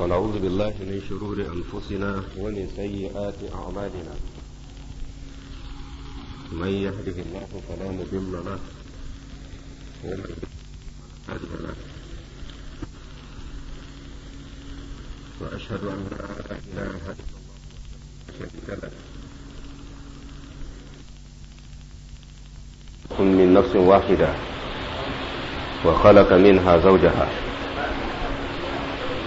ونعوذ بالله من شرور أنفسنا ومن سيئات أعمالنا من يهده الله فلا مضل له ومن يهده له وأشهد أن لا إله إلا الله شريك له من نفس واحدة وخلق منها زوجها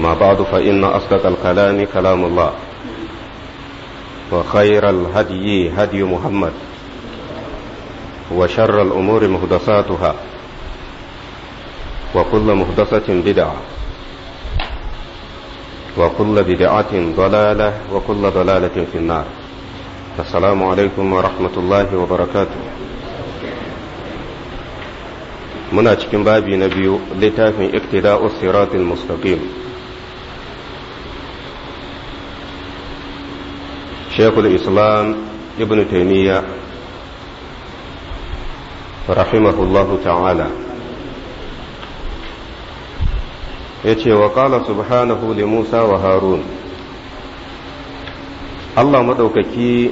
أما بعد فإن أصدق الكلام كلام الله وخير الهدي هدي محمد وشر الأمور مهدساتها وكل مهدسة بدعة وكل بدعة ضلالة وكل ضلالة في النار السلام عليكم ورحمة الله وبركاته muna cikin babi na biyu littafin iktida'u siratul mustaqim shekul islam ibn taimiyya rahimahullahu ta'ala ya ce wa ƙala subhanahu li musa wa harun allah maɗaukaki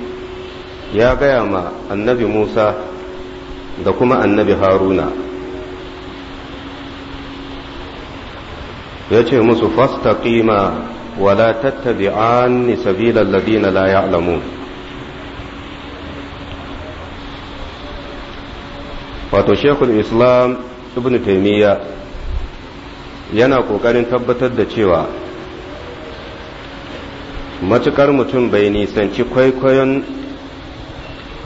ya gaya ma annabi musa da kuma annabi haruna ya ce musu fasta ƙima ولا تتبعان سبيل الذين لا يعلمون wato shekul islam ibn taimiyya yana ƙoƙarin tabbatar da cewa matukar mutum bai nisanci kwaikwayon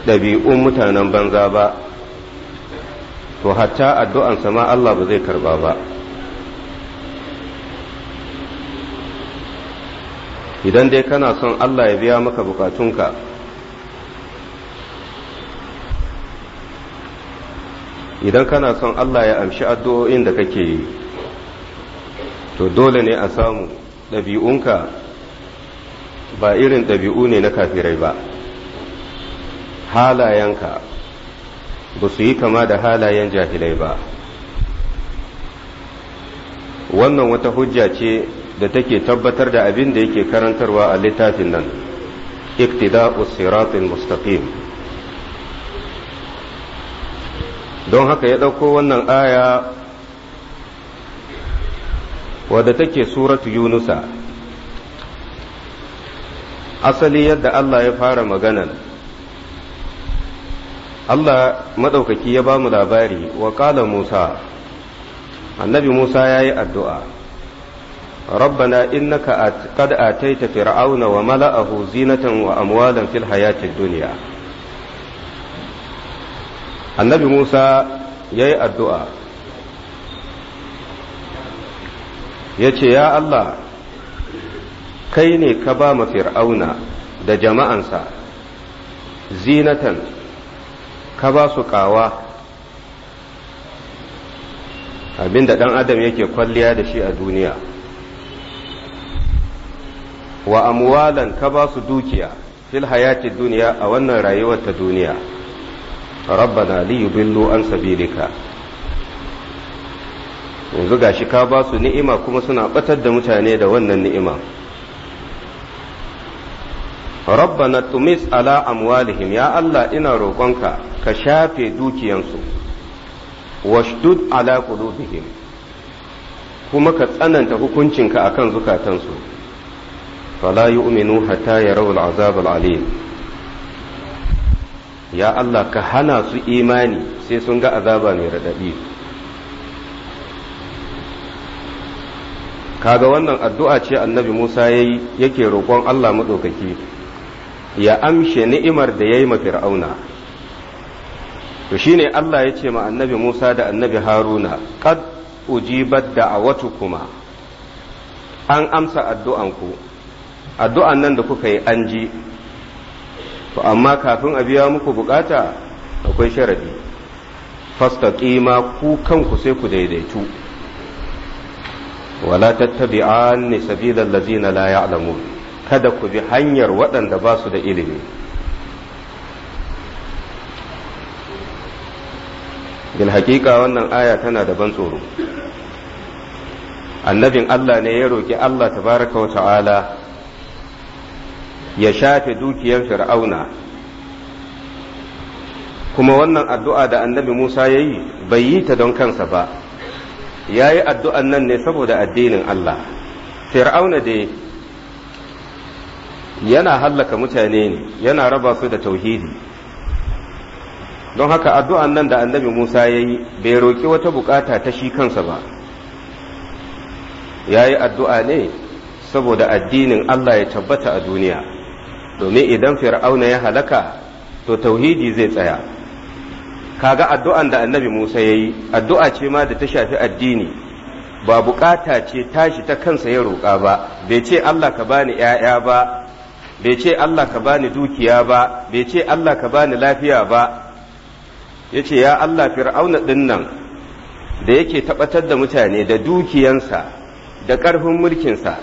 ɗabi'un mutanen banza ba to hatta addu'ansa ma Allah ba zai karba ba idan dai kana son Allah ya biya maka bukatunka idan kana son Allah ya amshi addu'o'in da kake yi to dole ne a samu ɗabi'unka ba irin ɗabi'u ne na kafirai ba halayenka ba su yi kama da halayen jahilai ba wannan wata hujja ce da take tabbatar da abin da yake karantarwa a littafin nan iktida'us siratin mustaqim don haka ya ɗauko wannan aya wadda take suratu yunusa asali yadda Allah ya fara maganan Allah madaukaki ya ba mu labari wa Musa annabi Musa ya yi addu'a ربنا إنك قد آتيت فرعون وملأه زينة وأموالا في الحياة الدنيا النبي موسى يي الدعاء يتي يا الله كيني كبام فرعون da jama'ansa zinatan ka ba su ƙawa abinda ɗan adam yake kwalliya da shi a duniya wa amwalan ka ba su dukiya fil hayati duniya a wannan rayuwar ta duniya rabbana li yubillu an sabilika yanzu gashi ka ba su ni'ima kuma suna batar da mutane da wannan ni'ima rabbana tumis ala amwalihim ya Allah ina roƙonka ka shafe dukiyansu washdud ala qulubihim kuma ka tsananta hukuncinka akan zukatansu فلا يؤمنوا حتى يروا العذاب العليم يا الله كهنا سو إيماني سي سنغا عذابا raɗaɗi. kaga wannan addu'a ce annabi Musa yayi yake roƙon Allah maɗaukaki ya amshe ni'imar da ya yi ma fir'auna to ne Allah ya ce ma annabi Musa da annabi Haruna qad ujibat kuma. an amsa addu'anku addu'an nan da kuka yi an ji to amma kafin a biya muku bukata akwai sharadi kima ku kanku sai ku daidaitu wala tattabi an ne sabilal lazina la alamu kada ku bi hanyar waɗanda ba su da ilimi bil haƙiƙa wannan aya tana da ban tsoro annabin Allah ne ya roƙi Allah tabaraka wa ta'ala ya shafe dukiyar fir'auna kuma wannan addu'a da annabi Musa ya yi bai yi ta don kansa ba ya yi addu'an nan ne saboda addinin Allah fir'auna dai yana hallaka mutane ne yana raba su da tauhidi don haka addu'an nan da annabi Musa ya yi bai roƙi wata bukata ta shi kansa ba ya yi addu'a ne saboda addinin Allah ya tabbata a duniya domin idan fir'auna ya halaka to tauhidi zai tsaya kaga addu'an da annabi Musa ya yi addu'a ce ma da ta shafi addini ba bukata ce tashi ta kansa ya roƙa ba bai ce Allah ka bani ‘ya'ya ba bai ce Allah ka bani dukiya ba bai ce Allah ka bani lafiya ba yace ya Allah fir'auna ɗin nan da yake tabbatar da mutane da dukiyansa da ƙarfin mulkinsa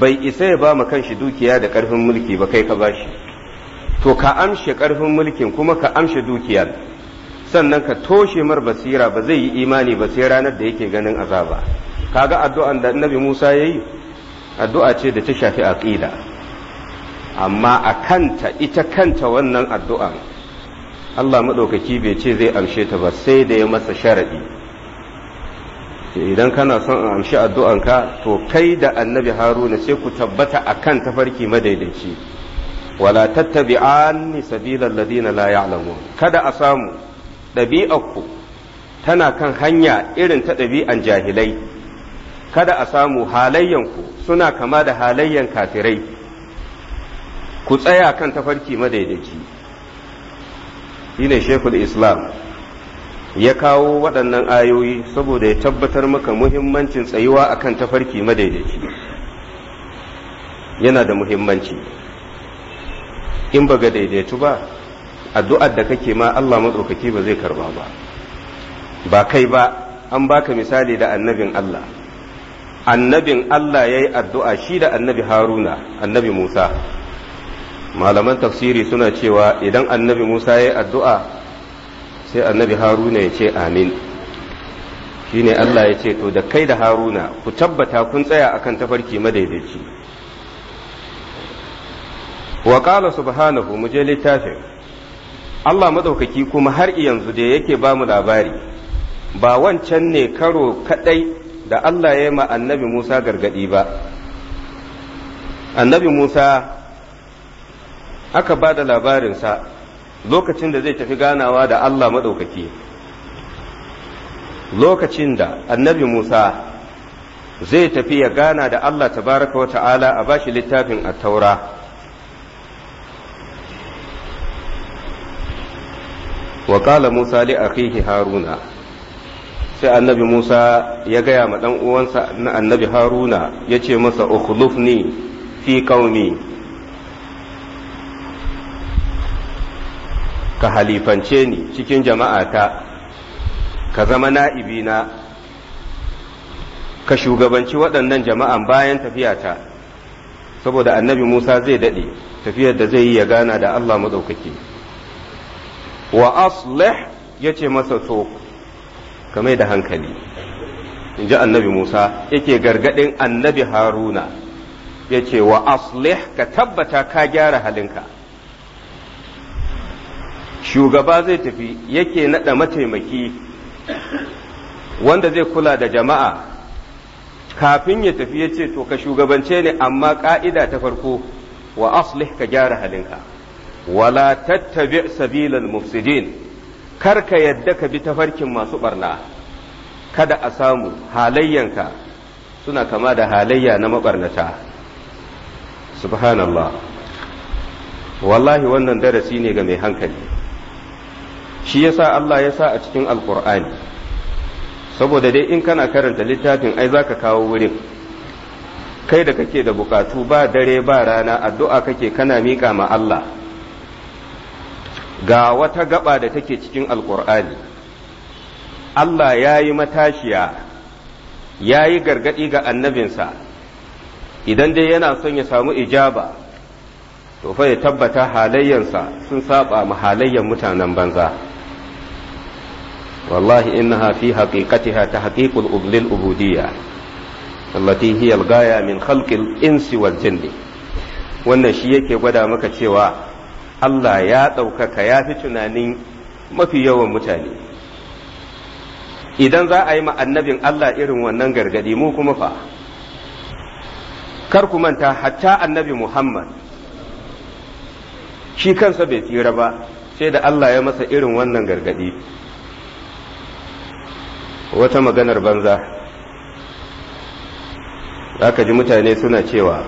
bai isa ya ba mu kanshi dukiya da ƙarfin mulki ba kai ka ba shi to ka amshe ƙarfin mulkin kuma ka amshe dukiyar sannan ka toshe mar basira ba zai yi imani ba sai ranar da yake ganin azaba kaga addu'an da annabi Musa yayi addu'a ce da ta shafi aqida amma a kanta ita kanta wannan addu'an Allah maɗaukaki bai ce zai amshe ta ba sai da ya masa sharadi idan kana son a amshi addu'anka to kai da annabi haruna sai ku tabbata a kan tafarki madaidaici wala ni sabilan ladina la ya'lamun kada a samu ɗabi'arku tana kan hanya irin ta ɗabi'an jahilai kada a samu halayyanku suna kama da halayyan kafirai ku tsaya kan tafarki madaidaici shine shekul islam ya kawo waɗannan ayoyi saboda ya tabbatar maka muhimmancin tsayuwa a kan tafarki madaidaici yana da muhimmanci in ba ga daidaitu ba addu'ar da kake ma Allah matsaukaki ba zai karba ba ba kai ba an baka misali da annabin Allah annabin Allah ya yi addu'a shi da annabi Haruna annabi Musa malaman tafsiri suna cewa idan annabi Musa ya yi addu'a sai annabi haruna ya ce amin shi ne Allah ya ce to da kai da haruna ku tabbata kun tsaya akan tafarki madaidaici wa subhanahu muje littafin Allah maɗaukaki kuma har yanzu da yake ba mu labari ba wancan ne karo kaɗai da Allah ya yi ma annabi Musa gargaɗi ba annabi Musa aka ba da labarinsa lokacin da zai tafi ganawa da Allah maɗaukaki lokacin da annabi Musa zai tafi ya gana da Allah tabaraka wa ta'ala a bashi littafin a taura wa kala Musa li akhihi Haruna sai annabi Musa ya gaya ma ɗan uwansa annabi Haruna ya ce masa ukhlufni fi qaumi ka halifance ni cikin jama'ata ka zama na'ibina ka shugabanci waɗannan jama'an bayan tafiyata saboda annabi Musa zai daɗe tafiyar da zai yi ya gana da Allah maɗaukaki wa aslih ya ce masa to ka mai da hankali in ji annabi Musa yake gargaɗin annabi Haruna ya ce wa aslih ka tabbata ka gyara halinka shugaba zai tafi yake naɗa mataimaki wanda zai kula da jama'a kafin ya tafi ya ce to ka shugabance ne amma ƙa'ida ta farko wa aslih ka gyara halinka wala tattabi sabilal mufsidin kar ka yadda ka bi tafarkin masu barna kada a samu halayyanka suna kama da halayya na mabarnata subhanallah wallahi wannan darasi ne ga mai hankali shi ya sa Allah ya sa a cikin alkur'ani saboda dai in kana karanta littafin ai za ka kawo wurin kai da kake da bukatu ba dare ba rana addu'a kake kana miƙa ma Allah ga wata gaba da take cikin alkur'ani Allah ya yi matashiya ya yi gargaɗi ga annabinsa idan dai yana son ya samu ijaba to fa ya tabbata halayyansa sun saba ma halayyan mutanen banza. wallahi in na haqiqatiha tahqiqul lil ubudiyya allati hiya al-ghaya min khalqil insi wal jinni wannan shi yake gwada maka cewa Allah ya ɗaukaka ya fi tunanin mafi yawan mutane idan za a yi ma annabin Allah irin wannan gargadi mu kuma fa kar ku manta hatta annabi Muhammad shi kansa bai tsira ba sai da Allah ya masa irin wannan gargadi wata maganar banza aka ji mutane suna cewa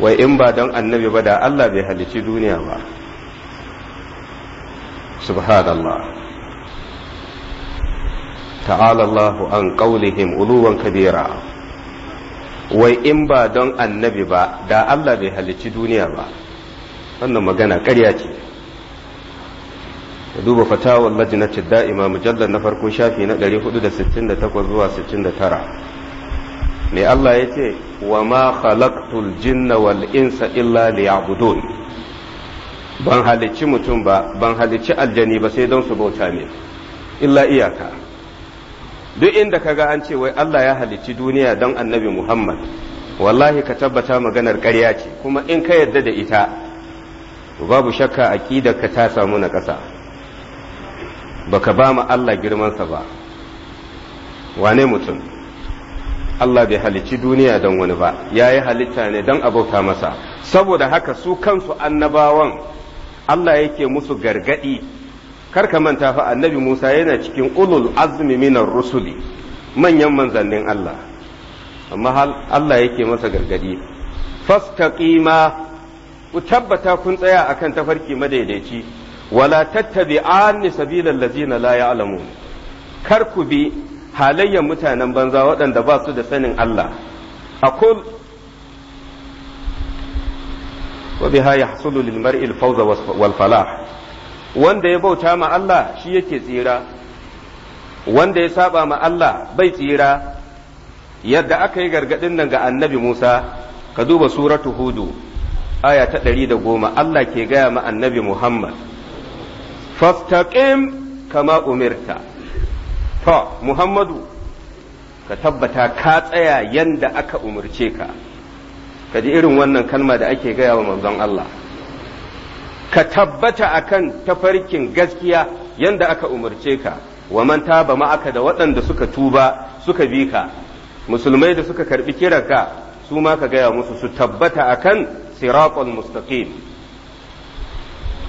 wai in ba don annabi ba da Allah bai halici duniya ba subhanallah ta'ala Allah an qaulihim uluwan kabira wai in ba don annabi ba da Allah bai halici duniya ba wannan magana ƙarya ce da duba fatawar lajinati da'ima mujallar na farko shafi na 468 zuwa 69 mai Allah ya ce wa ma khalaqtul jinna wal insa illa liya'budun ban halicci mutum ba ban halicci aljani ba sai don su bauta ne illa iyaka duk inda kaga an ce wai Allah ya halicci duniya don annabi Muhammad wallahi ka tabbata maganar ƙarya ce kuma in ka yarda da ita babu shakka aƙidar ka ta samu na ƙasa baka ba mu Allah girmansa ba wane mutum Allah bai halicci duniya don wani ba ya yi halitta ne don abauta masa saboda haka su kansu annabawan Allah yake musu gargadi kar ka manta fa annabi Musa yana cikin ulul azmi minar rusuli manyan manzannin Allah amma Allah yake masa gargadi fastaqima ku tabbata kun tsaya akan tafarki madaidaici wala tattabi anni sabila ladzina la ya'lamun kar ku bi halayyar mutanen banza waɗanda ba su da sanin Allah akul wa wanda ya bauta ma Allah shi yake tsira wanda ya saba ma Allah bai tsira yadda aka yi gargadin nan ga annabi Musa ka duba suratu hudu aya ta ɗari da goma Allah ke gaya ma annabi Muhammad fastaqim kama umirta to muhammadu ka tabbata ka tsaya yanda aka umarce ka ka irin wannan kalma da ake gaya wa manzon Allah ka tabbata akan tafarkin gaskiya yanda aka umarce ka wa man taba ma'aka da waɗanda suka tuba suka bi ka musulmai da suka karbi kiranka su ma ka gaya musu su tabbata akan siratul mustaqim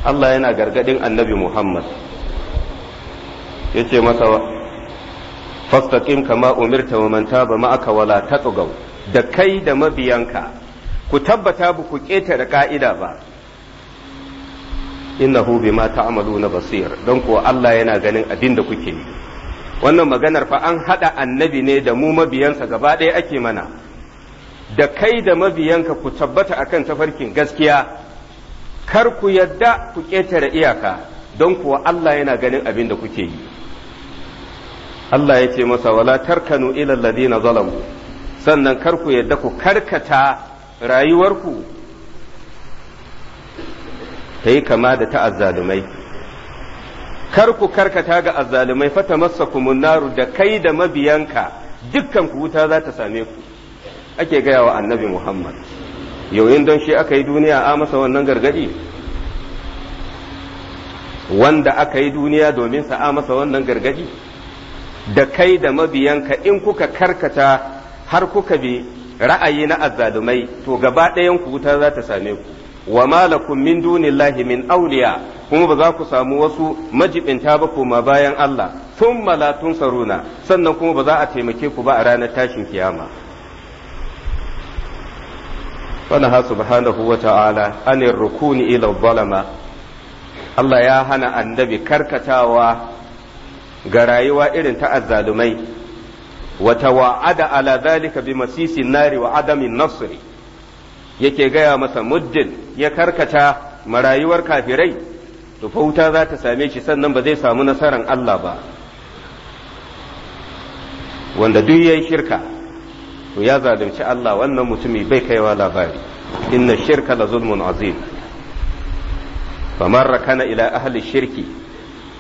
Allah yana gargadin annabi Muhammad yace masa fastaqim kama umirta wa man taba ma'aka wala taqaw da kai da mabiyanka ku tabbata ba ku ketare ka'ida ba innahu bima ta'maluna basir don kuwa Allah yana ganin abin da kuke yi wannan maganar fa an hada annabi ne da mu mabiyansa gaba ɗaya ake mana da kai da mabiyanka ku tabbata akan tafarkin gaskiya kar ku yadda ku ƙetare iyaka don kuwa Allah yana ganin abin da kuke yi Allah ya ce masa wala tarkanu ilal ladina zalamu sannan kar ku yadda ku karkata rayuwarku ta yi kama da ta azzalumai kar ku karkata ga azzalumai fata masa naru da kai da mabiyanka dukkan ku wuta za ta same ku ake gaya wa annabi Muhammad yoyin don shi aka yi duniya a masa wannan gargadi wanda aka yi duniya domin sa a masa wannan gargadi da kai da mabiyanka in kuka karkata har kuka bi ra'ayi na azzalumai to gaba ɗayan ku wuta za ta same ku wa malakum min dunillahi min awliya kuma ba za ku samu wasu majibinta ba koma bayan Allah thumma la tunsaruna sannan kuma ba za a taimake ku ba a ranar tashin kiyama ونهى سبحانه وتعالى عن rukuni إلى الظلمة Allah ya hana annabi karkatawa ga rayuwa irin ta azzalumai wata wa'ada ala zalika bi masisin nari wa adamin nasri yake gaya masa muddin ya karkata marayuwar kafirai to fa wuta za ta same shi sannan ba zai samu nasaran Allah ba wanda duk yayin shirka to ya zalunci Allah wannan mutumi bai kaiwa labari inna shirka la zulmun azim faman rakana ila ahli shirki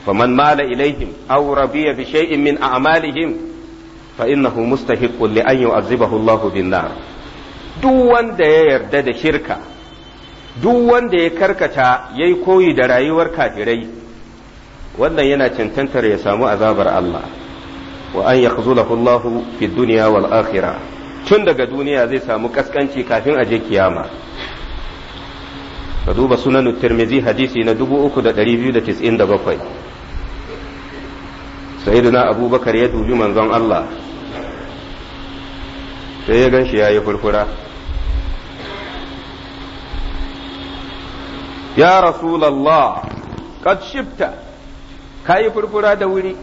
faman mala ilaihim aw rabiya bi shay'in min a'malihim fa innahu mustahiqqun li an yu'azzibahu Allah bin nar duk wanda ya yarda da shirka duk wanda ya karkata yayi koyi da rayuwar kafirai wannan yana cancantar ya samu azabar Allah wa an yakhzulahu Allah fi dunya wal tun daga duniya zai samu kaskanci kafin a je kiyama ka duba sunan tirmizi hadisi na 3297 sayyiduna abubakar ya dubi manzon Allah sai ya ganshi ya yi furfura ya rasulallah qad shifta ka yi furfura da wuri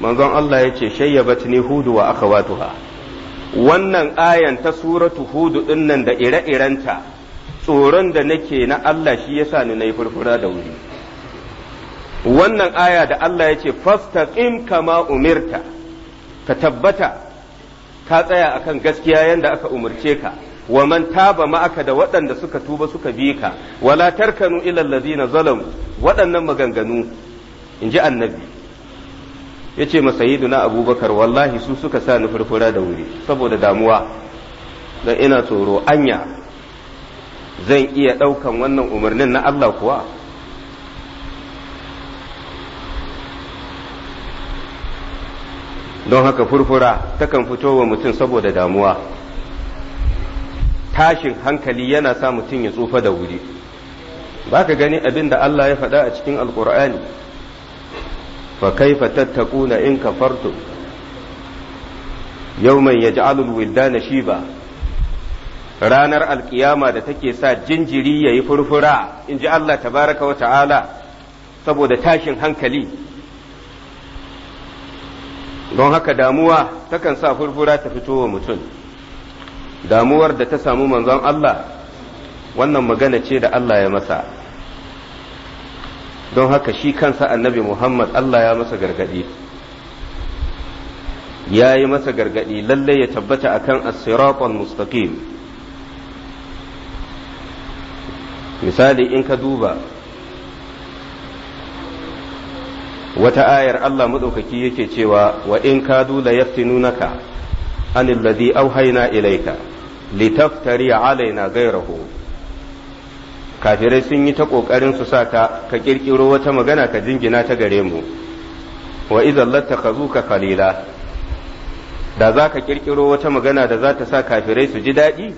manzon Allah ya ce shayyabat ni hudu wa akhawatuha wannan ayan ta suratu hudu dinnan da ire-irenta tsoron da nake na Allah shi yasa ni nayi furfura da wuri wannan aya da Allah ya ce fastaqim kama umirta ka tabbata ka tsaya akan gaskiya yanda aka umarce ka wa man taba ma'aka da waɗanda suka tuba suka bi ka wala tarkanu ila allazina zalamu waɗannan maganganu inji annabi ya ce masayidu na abubakar wallahi su suka sa ni furfura da wuri saboda damuwa don ina tsoro anya zan iya ɗaukan wannan umarnin na Allah kuwa don haka furfura takan fito wa mutum saboda damuwa tashin hankali yana sa mutum ya tsufa da wuri ba ka gani abin da Allah ya faɗa a cikin alkur'ani fa kaifa tattaquna in kafartum yawman na shi ba. ranar alkiyama da take sa jinjiri yayi furfura in ji Allah tabaraka wa ta'ala saboda tashin hankali don haka damuwa takan sa furfura ta fito wa mutum damuwar da ta samu manzon Allah wannan magana ce da Allah ya masa don haka shi kansa annabi Muhammad Allah ya masa gargadi ya yi masa gargaɗi lallai ya tabbata akan kan siratal mustaqim misali in ka duba wata ayar Allah madaukaki yake cewa wa in dula la yaftinunaka anil ladhi awhayna ilayka litaftari alaina ghayrahu kafirai sun yi ta ƙoƙarin su sa ka ka ƙirƙiro wata magana ka jingina ta gare mu wa idan lattakazuka kalila da za ka ƙirƙiro wata magana da za ta sa kafirai su ji daɗi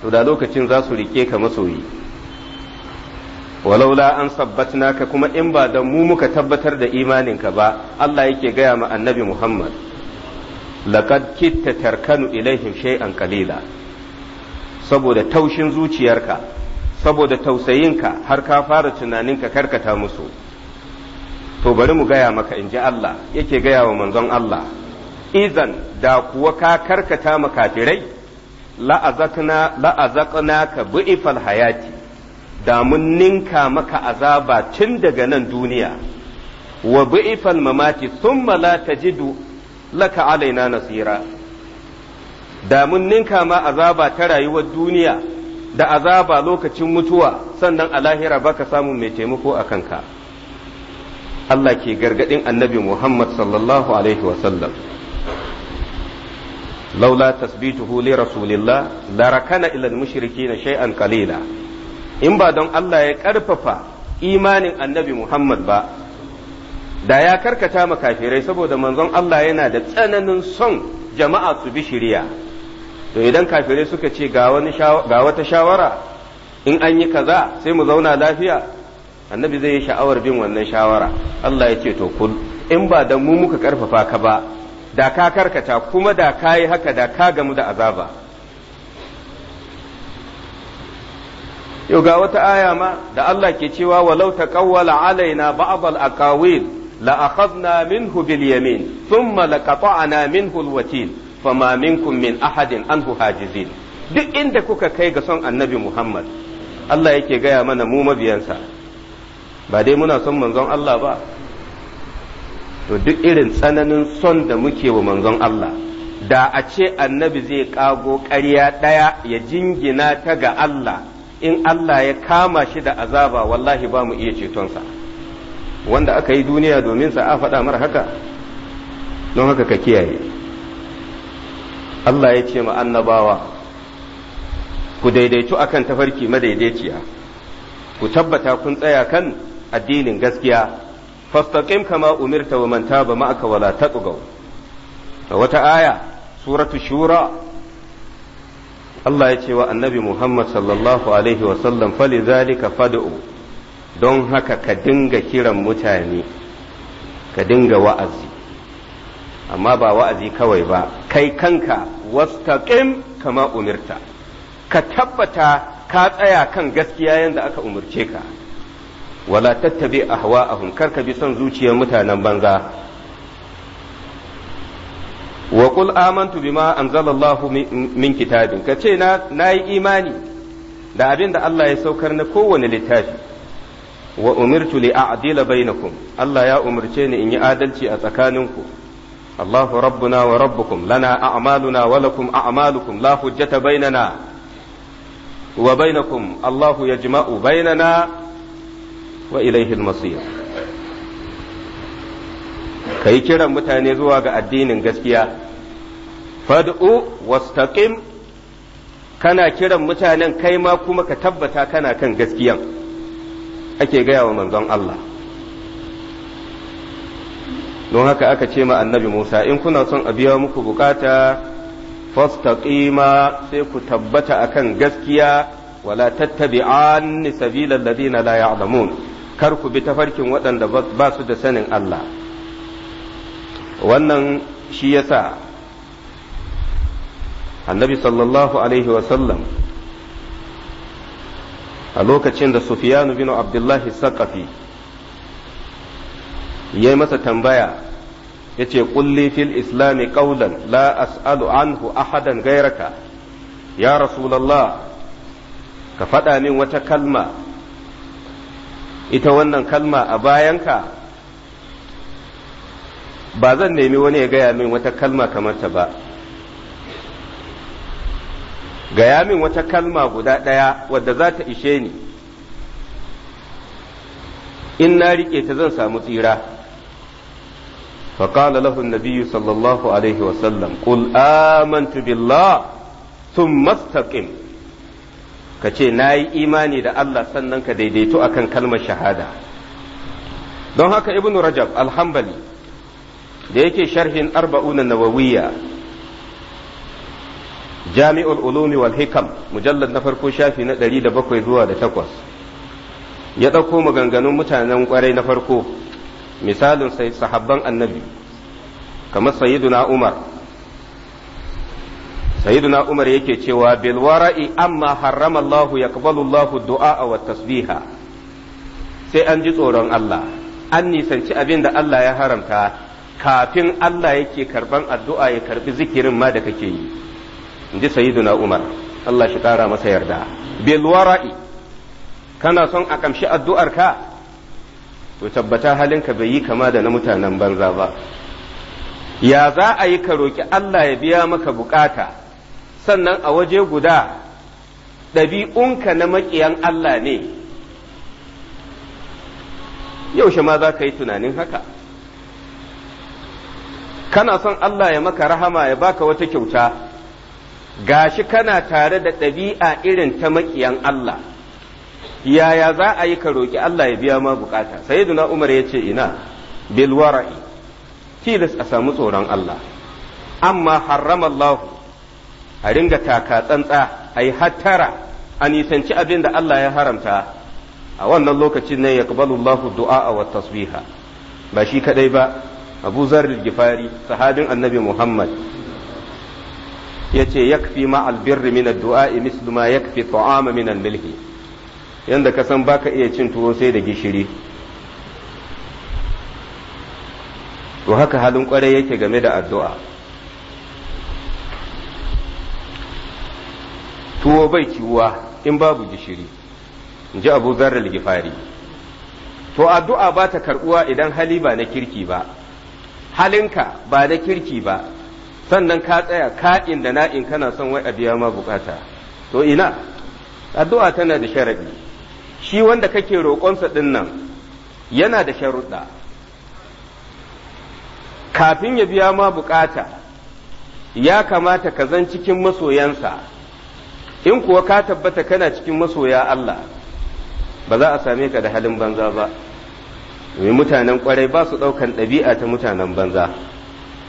to da lokacin za su rike ka masoyi walaula an sabbatna ka kuma in ba da mu muka tabbatar da imaninka ba Allah yake gaya ma annabi Muhammad laqad kitta tarkanu ilaihim shay'an qalila saboda taushin zuciyarka saboda tausayinka har ka fara tunanin ka karkata musu to bari mu gaya maka in ji Allah yake gaya wa manzon Allah izan da kuwa ka karkata makafirai la'azakna ka bu'ifal hayati da mun ninka maka azaba tun daga nan duniya wa bu'ifal mamati thumma la tajidu laka alaina nasira da mun ninka ma azaba ta rayuwar duniya da azaba lokacin mutuwa sannan a lahira baka samu mai taimako a kanka Allah ke gargadin annabi Muhammad sallallahu alaihi wasallam laula tasbitu huli rasulillah la rakana ila al na shay'an qalila in ba don Allah ya karfafa imanin annabi Muhammad ba da ya karkata makafirai saboda manzon Allah yana da tsananin son jama'a su bi shiriya to idan kafirai suka ce ga wata shawara in an yi kaza sai mu zauna lafiya annabi zai yi sha'awar bin wannan shawara Allah ya ce to kun in ba da mu muka karfafa ka ba da ka karkata kuma da ka yi haka da ka gamu da azaba yau ga wata aya ma da Allah ke cewa walau ta taqawwala alaina ba'abal al-aqawil la akhadna minhu bil yamin thumma laqata'na minhu al-watil fama minkum min ahadin anhu hajizin duk inda kuka kai ga son annabi Muhammad Allah yake gaya mana mu mabiyansa ba dai muna son manzon Allah ba to duk irin tsananin son da muke wa manzon Allah da a ce annabi zai kago ƙarya ɗaya ya jingina ta ga Allah in Allah ya kama shi da azaba wallahi ba mu iya cetonsa wanda aka yi duniya domin sa a faɗa mara haka don haka ka kiyaye Allah ya ce ma annabawa ku daidaitu akan tafarki madaidaiciya ku tabbata kun tsaya kan addinin gaskiya fastaqim kama umirta wa man taba ma'aka wala taqgaw da wata aya suratu shura Allah ya ce wa annabi Muhammad sallallahu alaihi wa sallam falizalika fad'u don haka ka dinga kiran mutane ka dinga wa'azi amma ba wa'azi kawai ba kai kanka wastaqim kama umirta ka tabbata ka tsaya kan gaskiya yadda aka umarce ka wala tattabi ahwa'ahum kar ka bi son zuciyar mutanen banza wa qul amantu bima anzalallahu min kitabin ka ce na nayi imani da abin da Allah ya saukar na kowane littafi wa umirtu li a'dila bainakum Allah ya umarce ni in yi adalci a tsakaninku الله ربنا وربكم لنا أعمالنا ولكم أعمالكم لا حجة بيننا وبينكم الله يجمع بيننا وإليه المصير kai kiran mutane zuwa ga addinin gaskiya fad'u wastaqim kana kiran mutanen kai ma kuma ka tabbata kana kan gaskiyan ake gaya wa manzon Allah don haka aka ce ma annabi Musa in kuna son a biya muku bukata fastaqima sai ku tabbata akan gaskiya wala tattabi'an sabila alladhina la ya'lamun kar ku bi tafarkin waɗanda ba su da sanin Allah wannan shi yasa annabi sallallahu alaihi sallam a lokacin da Sufiyanu bin Abdullahi Saqafi ya yi masa tambaya ya ce ƙulli fil islami ƙaulan la as'alu anhu ahadan gairaka ya rasulallah ka faɗa min wata kalma ita wannan kalma a bayanka ba zan nemi wani ya gaya min wata kalma kamar ta ba gaya min wata kalma guda ɗaya wadda za ta ishe ni in na riƙe ta zan samu tsira فقال له النبي صلى الله عليه وسلم قل آمنت بالله ثم استقم كتي ناي إيماني دا الله سنن كديديتو أكن كلمة شهادة don haka ibnu rajab alhambali da yake sharhin arba'una nawawiya jami'ul ulumi Walhikam mujallar mujallad na farko shafi na bakwai zuwa da 8 ya ɗauko maganganun mutanen kwarai na farko misalin sai sahabban annabi kamar sayyiduna umar sayyiduna umar yake cewa bil wara'i amma harrama Allah yaqbalu Allah du'a wa tasbiha sai an ji tsoron Allah an nisanci abin da Allah ya haramta kafin Allah yake karban addu'a ya karbi zikirin ma da kake yi inji sayyiduna umar Allah shi kara masa yarda bil wara'i kana son a kamshi addu'ar ka to tabbata halinka bai yi kama da na mutanen banza ba ya za a yi ka roƙi Allah ya biya maka bukata sannan a waje guda ɗabi'unka na maƙiyan Allah ne yaushe ma za ka yi tunanin haka kana son Allah ya maka rahama ya baka wata kyauta gashi kana tare da ɗabi'a irin ta maƙiyan Allah yaya za a yi ka roƙi Allah ya biya ma bukata sayyiduna Umar ya ce ina bil wara'i tilas a samu tsoron Allah amma harrama Allah a ringa taka tsantsa a yi hattara a nisanci abin da Allah ya haramta a wannan lokacin ne ya kabalu Allah du'a wa taswiha. ba shi kadai ba Abu Zar Gifari sahabin Annabi Muhammad yace yakfi ma albirri min addu'a, mislu ma yakfi ta'ama min al-milhi Yanda ka san baka iya cin tuwo sai da gishiri to haka halin kwarai yake game da addu'a tuwo bai ciwuwa in babu gishiri in ji abu zarar gifari to addu'a ba ta karɓuwa idan hali ba na kirki ba halinka ba na kirki ba sannan ka tsaya ka'in da na'in kana son wai a biya ma bukata to ina addu'a tana da sharaɗi shi wanda kake roƙonsa ɗin nan yana da sharuɗa kafin ya biya ma bukata ya kamata ka zan cikin masoyansa in kuwa ka tabbata kana cikin masoya Allah ba za a same ka da halin banza ba domin mutanen kwarai ba su ɗaukan ɗabi'a ta mutanen banza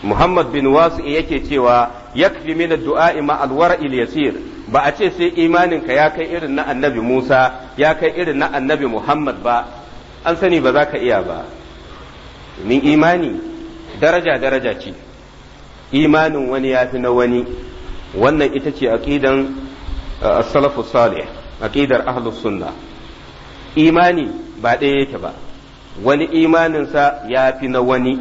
Muhammad bin Wasu yake cewa yakfi min ad-du'a ma al yasir ba a ce sai imaninka ya kai irin na annabi Musa ya kai irin na annabi Muhammad ba an sani ba za ka iya ba domin imani daraja daraja ce imanin wani ya fi na wani wannan ita ce aqidan uh, as-salafu salih aqidar ahlus sunna imani ba ɗaya yake ba wani imaninsa ya fi na wani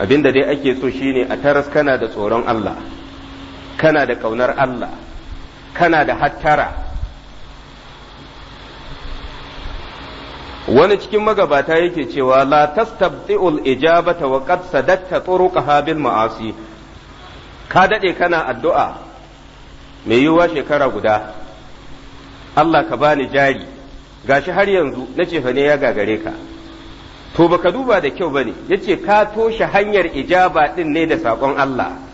abinda dai ake so shine a taras kana da tsoron Allah kana da ƙaunar Allah kana da hattara wani cikin magabata yake cewa la tastabti'ul ijabata wa qad sadatta turuqaha bil ma'asi ka daɗe kana addu'a mai yiwuwa shekara guda Allah ka bani jari gashi har yanzu nace fa ne ya gagare ka to baka duba da kyau ba bane yace ka toshe hanyar ijaba din ne da sakon Allah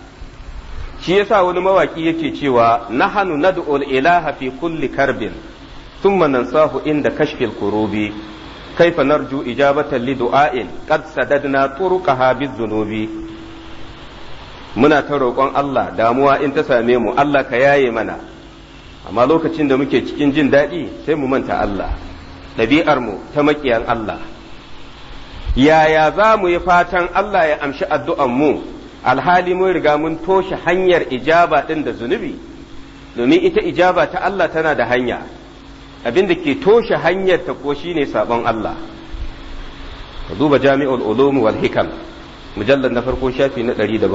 shi yasa wani mawaki yake cewa nahanu nad'ul ilaha fi kulli karbin thumma nansahu inda kashfil kurubi kaifa narju ijabatan li du'ain qad sadadna turuqaha bizunubi muna ta roƙon Allah damuwa in ta same mu Allah ka yaye mana amma lokacin da muke cikin jin daɗi sai mu manta Allah ɗabi'ar mu ta maƙiyan Allah yaya za mu yi fatan Allah ya amshi addu'an mu alhali mun riga mun toshe hanyar ijaba ɗin da zunubi domin ita ijaba ta Allah tana da hanya abin da ke toshe hanyar ta ko shine sabon Allah ka duba jami'ul ulum wal hikam mujallad na farko shafi na 107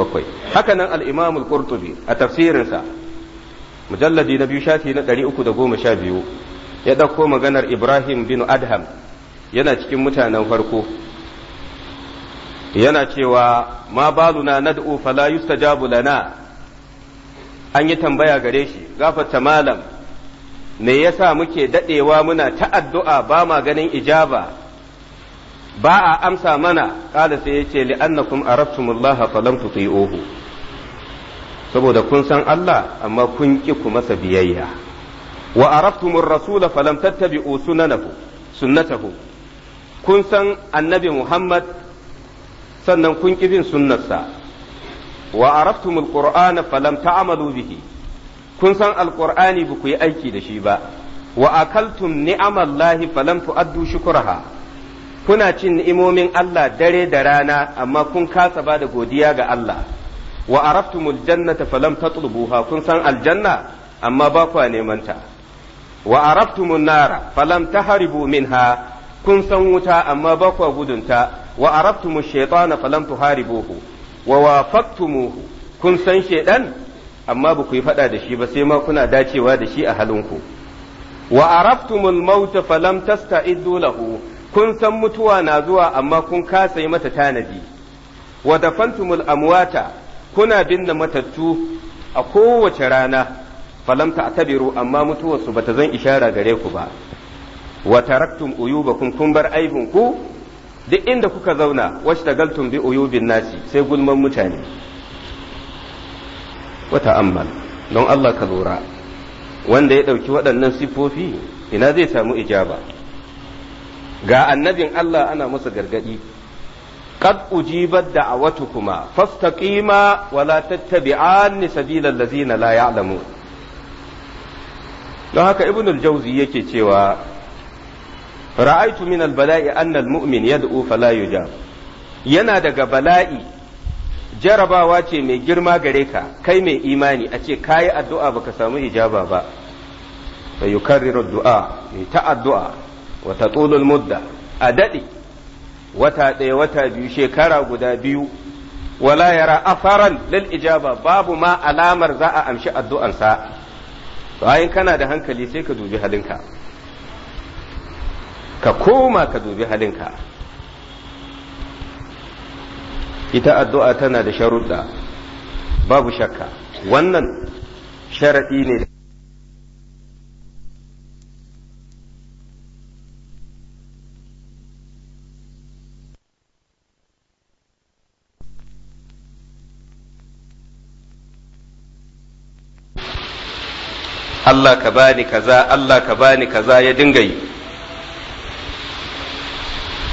haka nan al-imam al-qurtubi a tafsirinsa mujalladi na biyu shafi na 312 ya dauko maganar ibrahim bin adham yana cikin mutanen farko yana cewa ma baluna nad'u fala yustajabu lana an yi tambaya gare shi gafarta malam me yasa muke dadewa muna ta addu'a ba ma ganin ijaba ba a amsa mana kada sai ya ce li'annakum arabtumullaha falam tuti'uhu saboda kun san Allah amma kun ki ku masa biyayya wa arabtumur rasula falam tattabi'u sunanahu sunnatahu kun san annabi Muhammad sannan kun ƙi bin sunnarsa wa araftumul qur'ana falam ta'malu bihi kun san alqur'ani ba ku yi aiki da shi ba wa akaltum ni'amallahi falam tu'addu shukuraha kuna cin ni'imomin Allah dare da rana amma kun kasa ba da godiya ga Allah wa araftumul jannata falam tatlubuha kun san aljanna amma ba kwa neman ta wa araftumun nara falam taharibu minha kun san wuta amma ba gudun gudunta wa arabtumu shaytana falam tuharibuhu wa wafaqtumuhu kun san shaydan amma baku yi faɗa da shi ba sai ma kuna dacewa da shi a halinku wa araftumul mauta falam tasta'iddu lahu kun san mutuwa na zuwa amma kun kasa mata tanadi wa dafantumul amwata kuna binne matattu a kowace rana falamta a tabiru amma mutuwarsu bata zan ishara gare ku ba wa taraktum uyubakum kun bar ku. duk inda kuka zauna wacce washtagaltum bi uyubin nasi sai gulman mutane wata amma don Allah ka lura wanda ya ɗauki waɗannan sifofi ina zai samu ijaba ga annabin Allah ana masa gargaɗi قد أجيبت دعوتكما فاستقيما ولا تتبعان سبيل الذين لا يعلمون don haka ibnul jauzi yake cewa ra'aitu min al-bala'i anna al-mu'min ya fala yana daga bala'i jarabawa ce mai girma gare ka kai mai imani a ce ka yi addu'a baka samu ijaba ba fa yukarriru du'a mai ta addu'a wata tatulu mudda a daɗi wata ɗaya wata biyu shekara guda biyu wala yara faran lil ijaba babu ma alamar za a amshi addu'ansa bayan ayin kana da hankali sai ka dubi halinka ka koma ka dubi halinka ita addu'a tana da sharuɗa babu shakka wannan sharaɗi ne Allah ka bani kaza Allah ka bani kaza ya dinga yi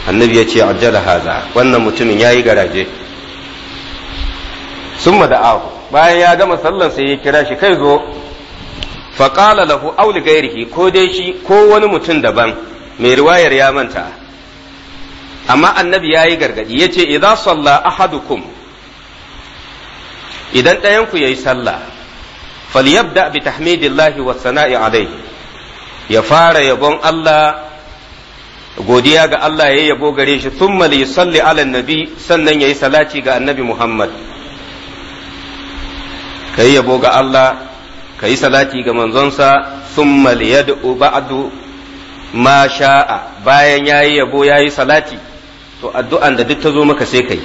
annabi ya ce ajjala haza wannan mutumin ya yi garaje sun da'ahu bayan ya gama sallan sai ya kira shi kai zo faƙala lahu auli gairihi ko dai shi ko wani mutum daban mai riwayar ya manta amma annabi ya yi gargadi ya ce idan salla kum. idan ɗayanku ya yi sallah falyabda bi tahmidillahi wa sana'i ya fara yabon Allah godiya ga Allah ya yabo gare shi thumma li salli ala nabi sannan yayi salati ga annabi Muhammad kai yabo ga Allah kai salati ga manzonsa thumma li yad'u ba'du ma sha'a bayan yayi yabo yayi salati to addu'an da duk ta zo maka sai kai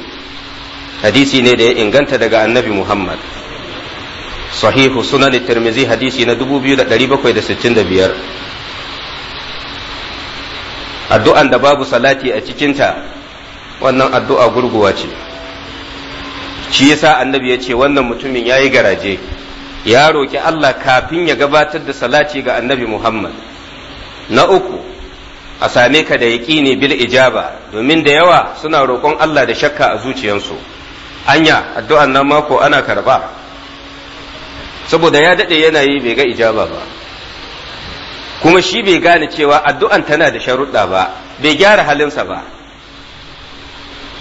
hadisi ne da ya inganta daga annabi Muhammad sahihu sunan tirmizi hadisi na 2765 addu'an da babu salati a cikinta wannan addu'a gurguwa ce shi yasa annabi ya ce wannan mutumin ya yi garaje ya roƙi Allah kafin ya gabatar da salati ga annabi Muhammad na uku a same ka da ne bil ijaba domin da yawa suna roƙon Allah da shakka a zuciyarsu anya addu'an nan mako ana karɓa. saboda ya daɗe yanayi bai ga ijaba ba kuma shi bai gane cewa addu'an tana da sharuɗa ba bai gyara halinsa ba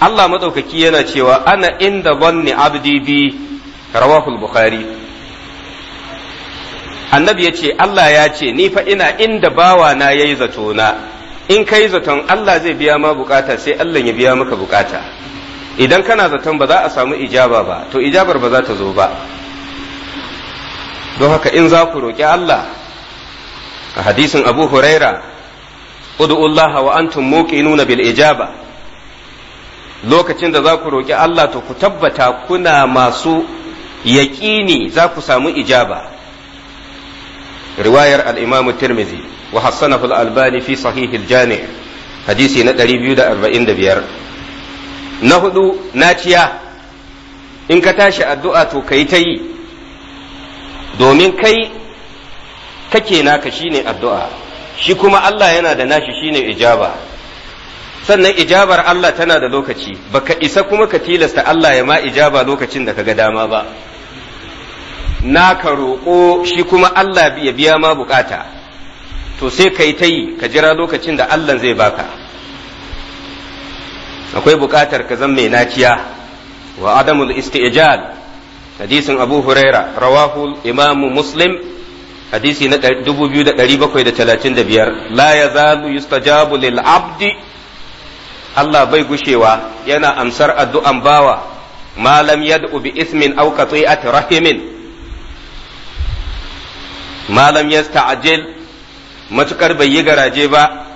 Allah maɗaukaki yana cewa ana inda banni abdi bi rawahul bukhari annabi ya ce Allah ya ce ni fa ina inda bawa na yayi zato na in kai zaton Allah zai biya ma bukata sai Allah ya biya maka bukata idan kana zaton ba za a samu ijaba ba to ijabar ba za ta zo ba don haka in za ku roƙi Allah a hadisin abu huraira udu'ullaha wa antum muqinuna bil ijaba lokacin da za ku roƙi Allah to ku tabbata kuna masu yaƙini za ku samu ijaba riwayar al-imam tirmidhi wa hassana al-albani fi sahih al-jami hadisi na 245 na hudu naciya in ka tashi addu'a to kai ta yi domin kai kake naka shine addu'a shi kuma Allah yana da nashi shine ijaba sannan ijabar Allah tana da lokaci baka isa kuma ka tilasta Allah ya ma ijaba lokacin da ka ga dama ba naka roƙo shi kuma Allah ya biya ma bukata to sai ka yi ta yi ka jira lokacin da Allah zai baka akwai bukatar ka zan mai naciya wa adamul istijal hadisin abu huraira rawahu imamu muslim hadisi na 2735 la yazalu yustajabu lil abdi Allah bai gushewa yana amsar addu'an bawa malam yad'u bi ismin aw qati'ati rahimin malam yasta'jil matukar bai yi garaje ba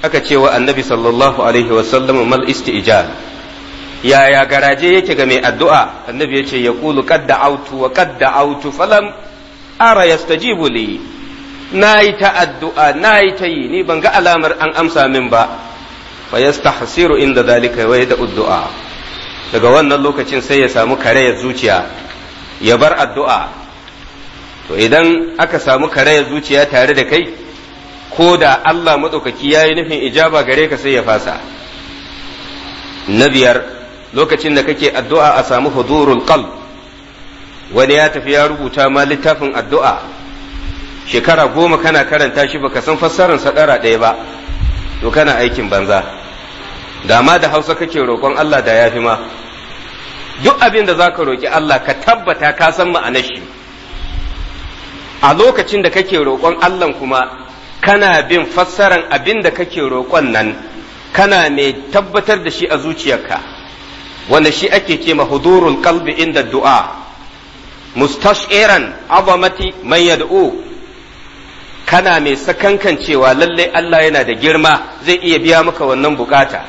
aka ce annabi sallallahu alaihi wasallam mal isti'jal yaya garaje yake ga mai addu'a annabi yace yaqulu qad da'awtu wa qad da'awtu ara yastajibu li na yi ta addu'a na yi ta yi ni ban ga alamar an amsa min ba fa yastahsiru inda zalika wa da addu'a daga wannan lokacin sai ya samu karayar zuciya ya bar addu'a to idan aka samu karayar zuciya tare da kai ko da Allah maɗaukaki ya yi nufin ijaba gare ka sai ya fasa na biyar lokacin da kake addu'a a samu hudurul qalb wani ya tafi ya rubuta ma littafin addu'a shekara goma kana karanta shi baka san fassarar sadara ɗaya ba to kana aikin banza da ma da hausa kake roƙon Allah da fi ma duk abin da ka roƙi Allah ka tabbata ka san ma'anar shi a lokacin da kake roƙon Allah kuma kana bin fassaran abin da kake roƙon nan kana mai tabbatar da shi a zuciyarka wanda shi ake ce ma hudurul qalbi inda du'a mustashiran azamati man yad'u kana mai sakankan cewa lalle Allah yana da girma zai iya biya maka wannan bukata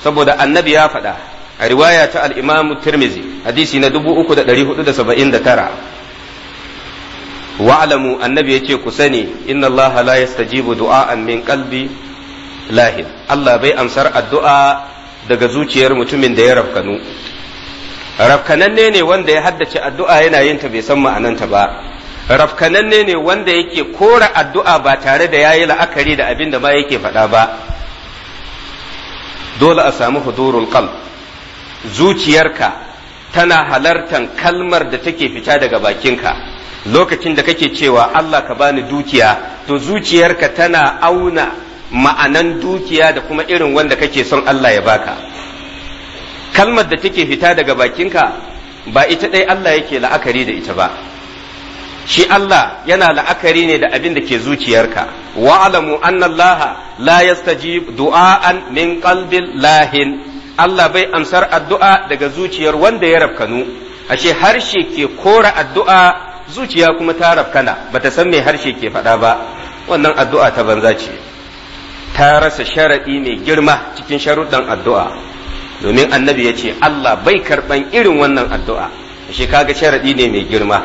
saboda annabi ya faɗa a riwaya ta al-Imam hadisi na 3479 wa'lamu annabi ya ce ku sani inna Allah la yastajibu du'a'an min qalbi lahin Allah bai amsar addu'a daga zuciyar mutumin da ya rafkanu rafkananne ne wanda ya haddace addu'a yana yin ta bai san ma'ananta ba rafkananne ne wanda yake kora addu'a ba tare da yayi la'akari da abin da ma yake faɗa ba dole a samu hudurul qalb zuciyarka tana halartan kalmar da take fita daga bakinka lokacin da kake cewa Allah ka bani dukiya to zuciyarka tana auna ma'anan dukiya da kuma irin wanda kake son Allah ya baka kalmar da take fita daga bakinka ba ita dai Allah yake la'akari da ita ba shi Allah yana la'akari ne da abin da ke zuciyarka wa'alamu annallaha la yastajib du'a'an min qalbil lahin Allah bai amsar addu'a daga zuciyar wanda ya rafkanu ashe harshe ke kora addu'a zuciya kuma ta rafkana bata san me harshe ke faɗa ba wannan addu'a ta banza ce ta rasa sharaɗi mai girma cikin sharuɗan addu'a domin annabi ya ce Allah bai karɓan irin wannan addu'a shi kaga sharaɗi ne mai girma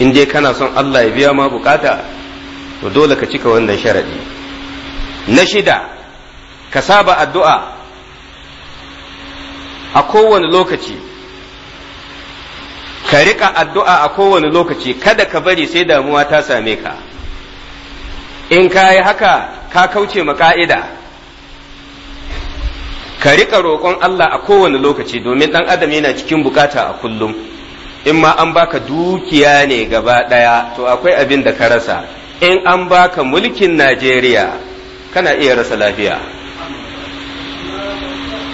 in dai kana son Allah ya biya ma bukata to dole ka cika wannan sharaɗi na shida ka saba addu'a a kowane lokaci ka riƙa addu'a a kowane lokaci kada ka bari sai damuwa ta same ka in ka yi haka ka kauce ma ƙa'ida ka riƙa roƙon Allah a kowane lokaci domin ɗan adam yana cikin bukata a kullum in ma an baka dukiya ne gaba ɗaya to akwai abin da ka rasa in an baka mulkin Najeriya kana iya rasa lafiya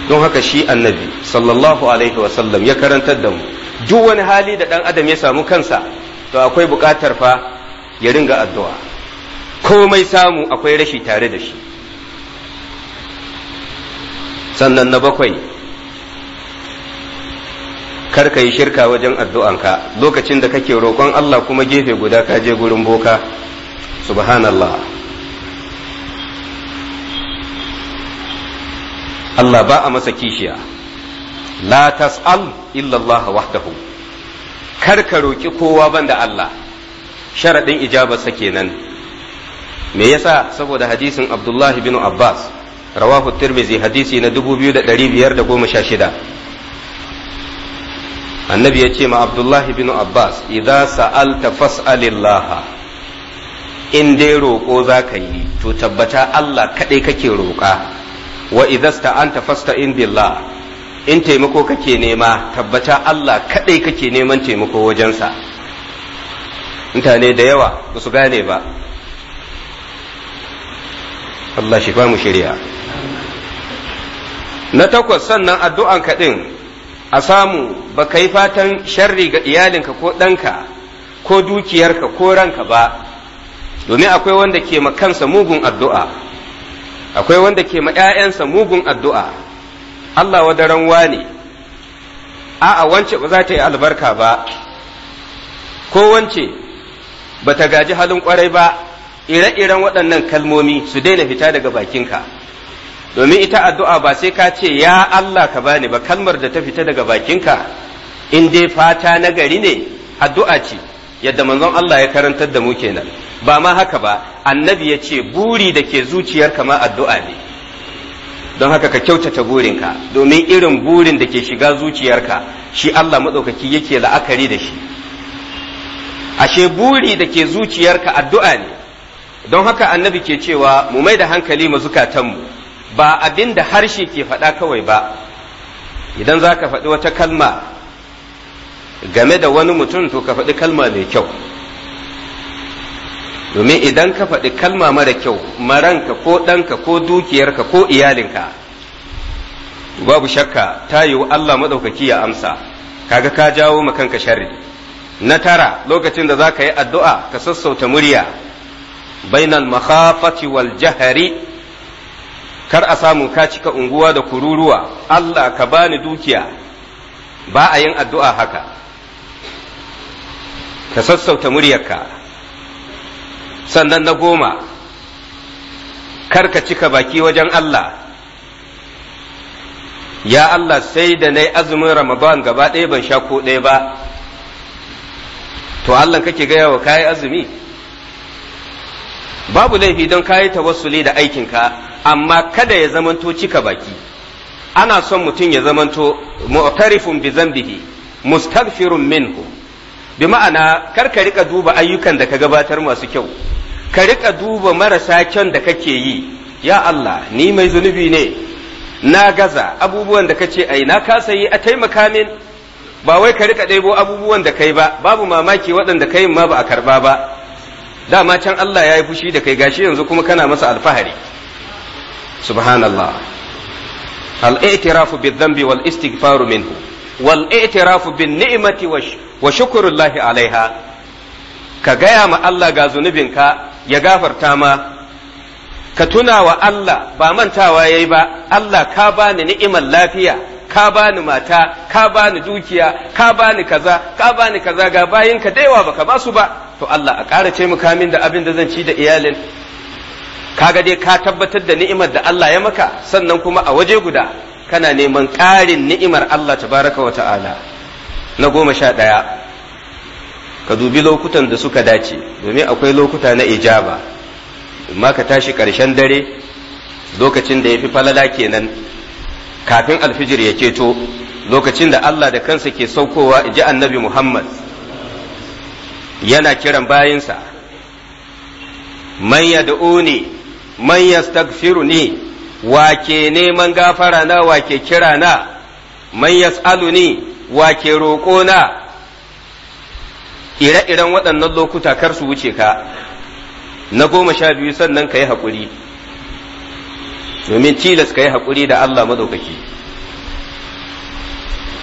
don haka shi annabi sallallahu alaihi wasallam ya karantar da mu duk wani hali da ɗan adam ya samu kansa to akwai buƙatar fa ya ringa addu'a komai samu akwai rashi tare da shi sannan na bakwai kar ka yi shirka wajen addu'anka lokacin da kake roƙon Allah kuma gefe guda ka je gurin boka subhanallah Allah ba a masa kishiya la tas'al illallah wahdahu kar ka roƙi kowa banda Allah sharaɗin ijabarsa kenan me yasa saboda hadisin Abdullahi bin Abbas rawahu tirmizi hadisi na 2516 annabi ya ce ma abdullahi bin abbas idza sa'alta fas'alillah in dai roƙo za ka yi to tabbata Allah kaɗai kake roƙa wa idza sta'anta fasta'in billah in taimako kake nema tabbata Allah kaɗai kake neman taimako wajensa mutane da yawa ba su gane ba Allah shi ba mu shirya na takwas sannan addu'an ka ɗin a samu ba ka yi fatan sharri ga iyalinka ko ɗanka ko dukiyarka ko ranka ba domin akwai wanda ke ma kansa mugun addu'a akwai wanda ke ma ‘ya'yansa mugun addu'a Allah wa daren wa ne a'a wance ba za ta yi albarka ba ko wance ba ta gaji halin kwarai ba ire-iren waɗannan kalmomi su daina fita daga bakinka. domin ita addu'a ba sai ka ce ya Allah ka bani ba kalmar da ta fita daga bakinka in dai fata na gari ne addu'a ce yadda manzon Allah ya karantar da mu kenan ba ma haka ba annabi ya ce buri da ke zuciyar kama addu'a ne don haka ka kyautata burinka domin irin burin da ke shiga zuciyarka shi Allah maɗaukaki yake la'akari da shi ashe buri da ke zuciyarka addu'a ne don haka annabi ke cewa mu mai da hankali mu zukatanmu ba abin da harshe ke faɗa kawai ba idan za ka faɗi wata kalma game da wani mutum to ka faɗi kalma mai kyau domin idan ka faɗi kalma mara kyau maranka ko ɗanka ko dukiyarka ko iyalinka babu shakka ta yiwu Allah maɗaukaki ya amsa kaga ka jawo ma kanka sharri na tara lokacin da za ka yi addu'a ka sassauta murya bainal makhafati wal jahari kar a samu ka cika unguwa da kururuwa Allah ka bani dukiya ba a yin addu'a haka ka sassauta muryarka sannan na goma kar ka cika baki wajen Allah ya Allah sai da na yi azumin Ramadan gaba ɗaya ban sha ko ɗaya ba to Allah kake gaya wa kayi azumi babu laifi don kayi tawassuli da aikinka amma kada ya zamanto cika baki ana son mutum ya zamanto mu'tarifun bi zambihi mustaghfirun minhu bi ma'ana kar ka rika duba ayyukan da ka gabatar masu kyau ka rika duba marasa kyan da kake yi ya Allah ni mai zunubi ne na gaza abubuwan da kace ai na kasa yi a taimaka min ba wai ka rika ɗebo abubuwan da kai ba babu mamaki waɗanda kai ma ba a karba ba dama can Allah ya yi fushi da kai gashi yanzu kuma kana masa alfahari subhanallah al-i'tirafu bidh-dhanbi wal istighfaru minhu wal i'tirafu bin ni'mati wa shukrullahi alaiha ka gaya ma Allah ga ka ya gafarta ma ka tuna wa Allah ba mantawa yayi ba Allah ka bani ni'imar lafiya ka bani mata ka bani dukiya ka bani kaza ka bani kaza ga bayin ka daiwa baka ba su ba to Allah a ƙara ce min da abin da zan ci da iyalin kaga dai ka tabbatar da ni'imar da Allah ya maka sannan kuma a waje guda kana neman ƙarin ni'imar Allah tabaraka wa ta'ala na goma sha ɗaya ka dubi lokutan da suka dace domin akwai lokuta na ijaba amma ka tashi ƙarshen dare lokacin da ya fi falala kenan kafin alfijir ya keto lokacin da Allah da kansa ke saukowa ji annabi Muhammad yana kiran bayinsa man yad'uni man ni wake neman gafara na wake kira na man ni wake roƙo na ire-iren waɗannan lokuta kar su wuce ka na goma sha biyu sannan ka yi haƙuri domin tilas ka yi haƙuri da Allah maɗaukaki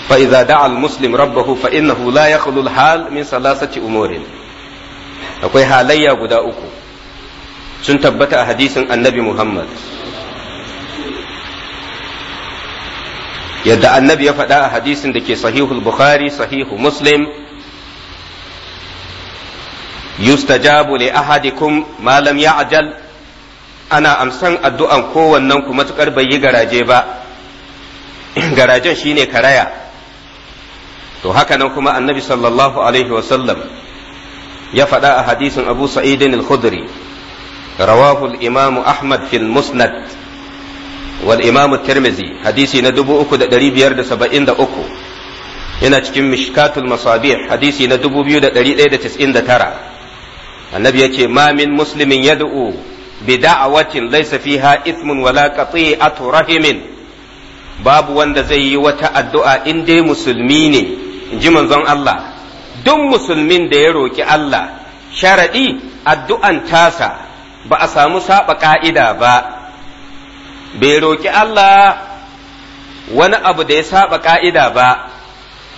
فإذا دعا المسلم ربه فإنه لا يخلو الحال من ثلاثة أمور Akwai halayya guda uku. sun tabbata a hadisin annabi Muhammad yadda annabi ya faɗa a hadisin da ke sahihul bukhari sahihu muslim yustajabu li ahadikum ma lam ya'jal ana amsan addu'an kowannen ku matukar bai yi garaje ba garajen shine karaya to haka nan kuma annabi sallallahu alaihi wasallam ya faɗa a hadisin abu sa'idin al-khudri رواه الإمام أحمد في المسند والإمام الترمذي حديثي ندبو أكو دريب يرد سبعين دا أكو هنا تكم مشكات المصابيح حديثي ندبو بيو دا دريب دا تسعين دا ترى النبي يتي ما من مسلم يدعو بدعوة ليس فيها إثم ولا قطيعة رحم باب وند زي وتأدعى إن دي مسلمين جمن زن الله دم مسلمين دي روكي الله شرعي addu'an tasa ba a samu saba ƙa'ida ba bai roƙi Allah wani abu da ya saba ƙa'ida ba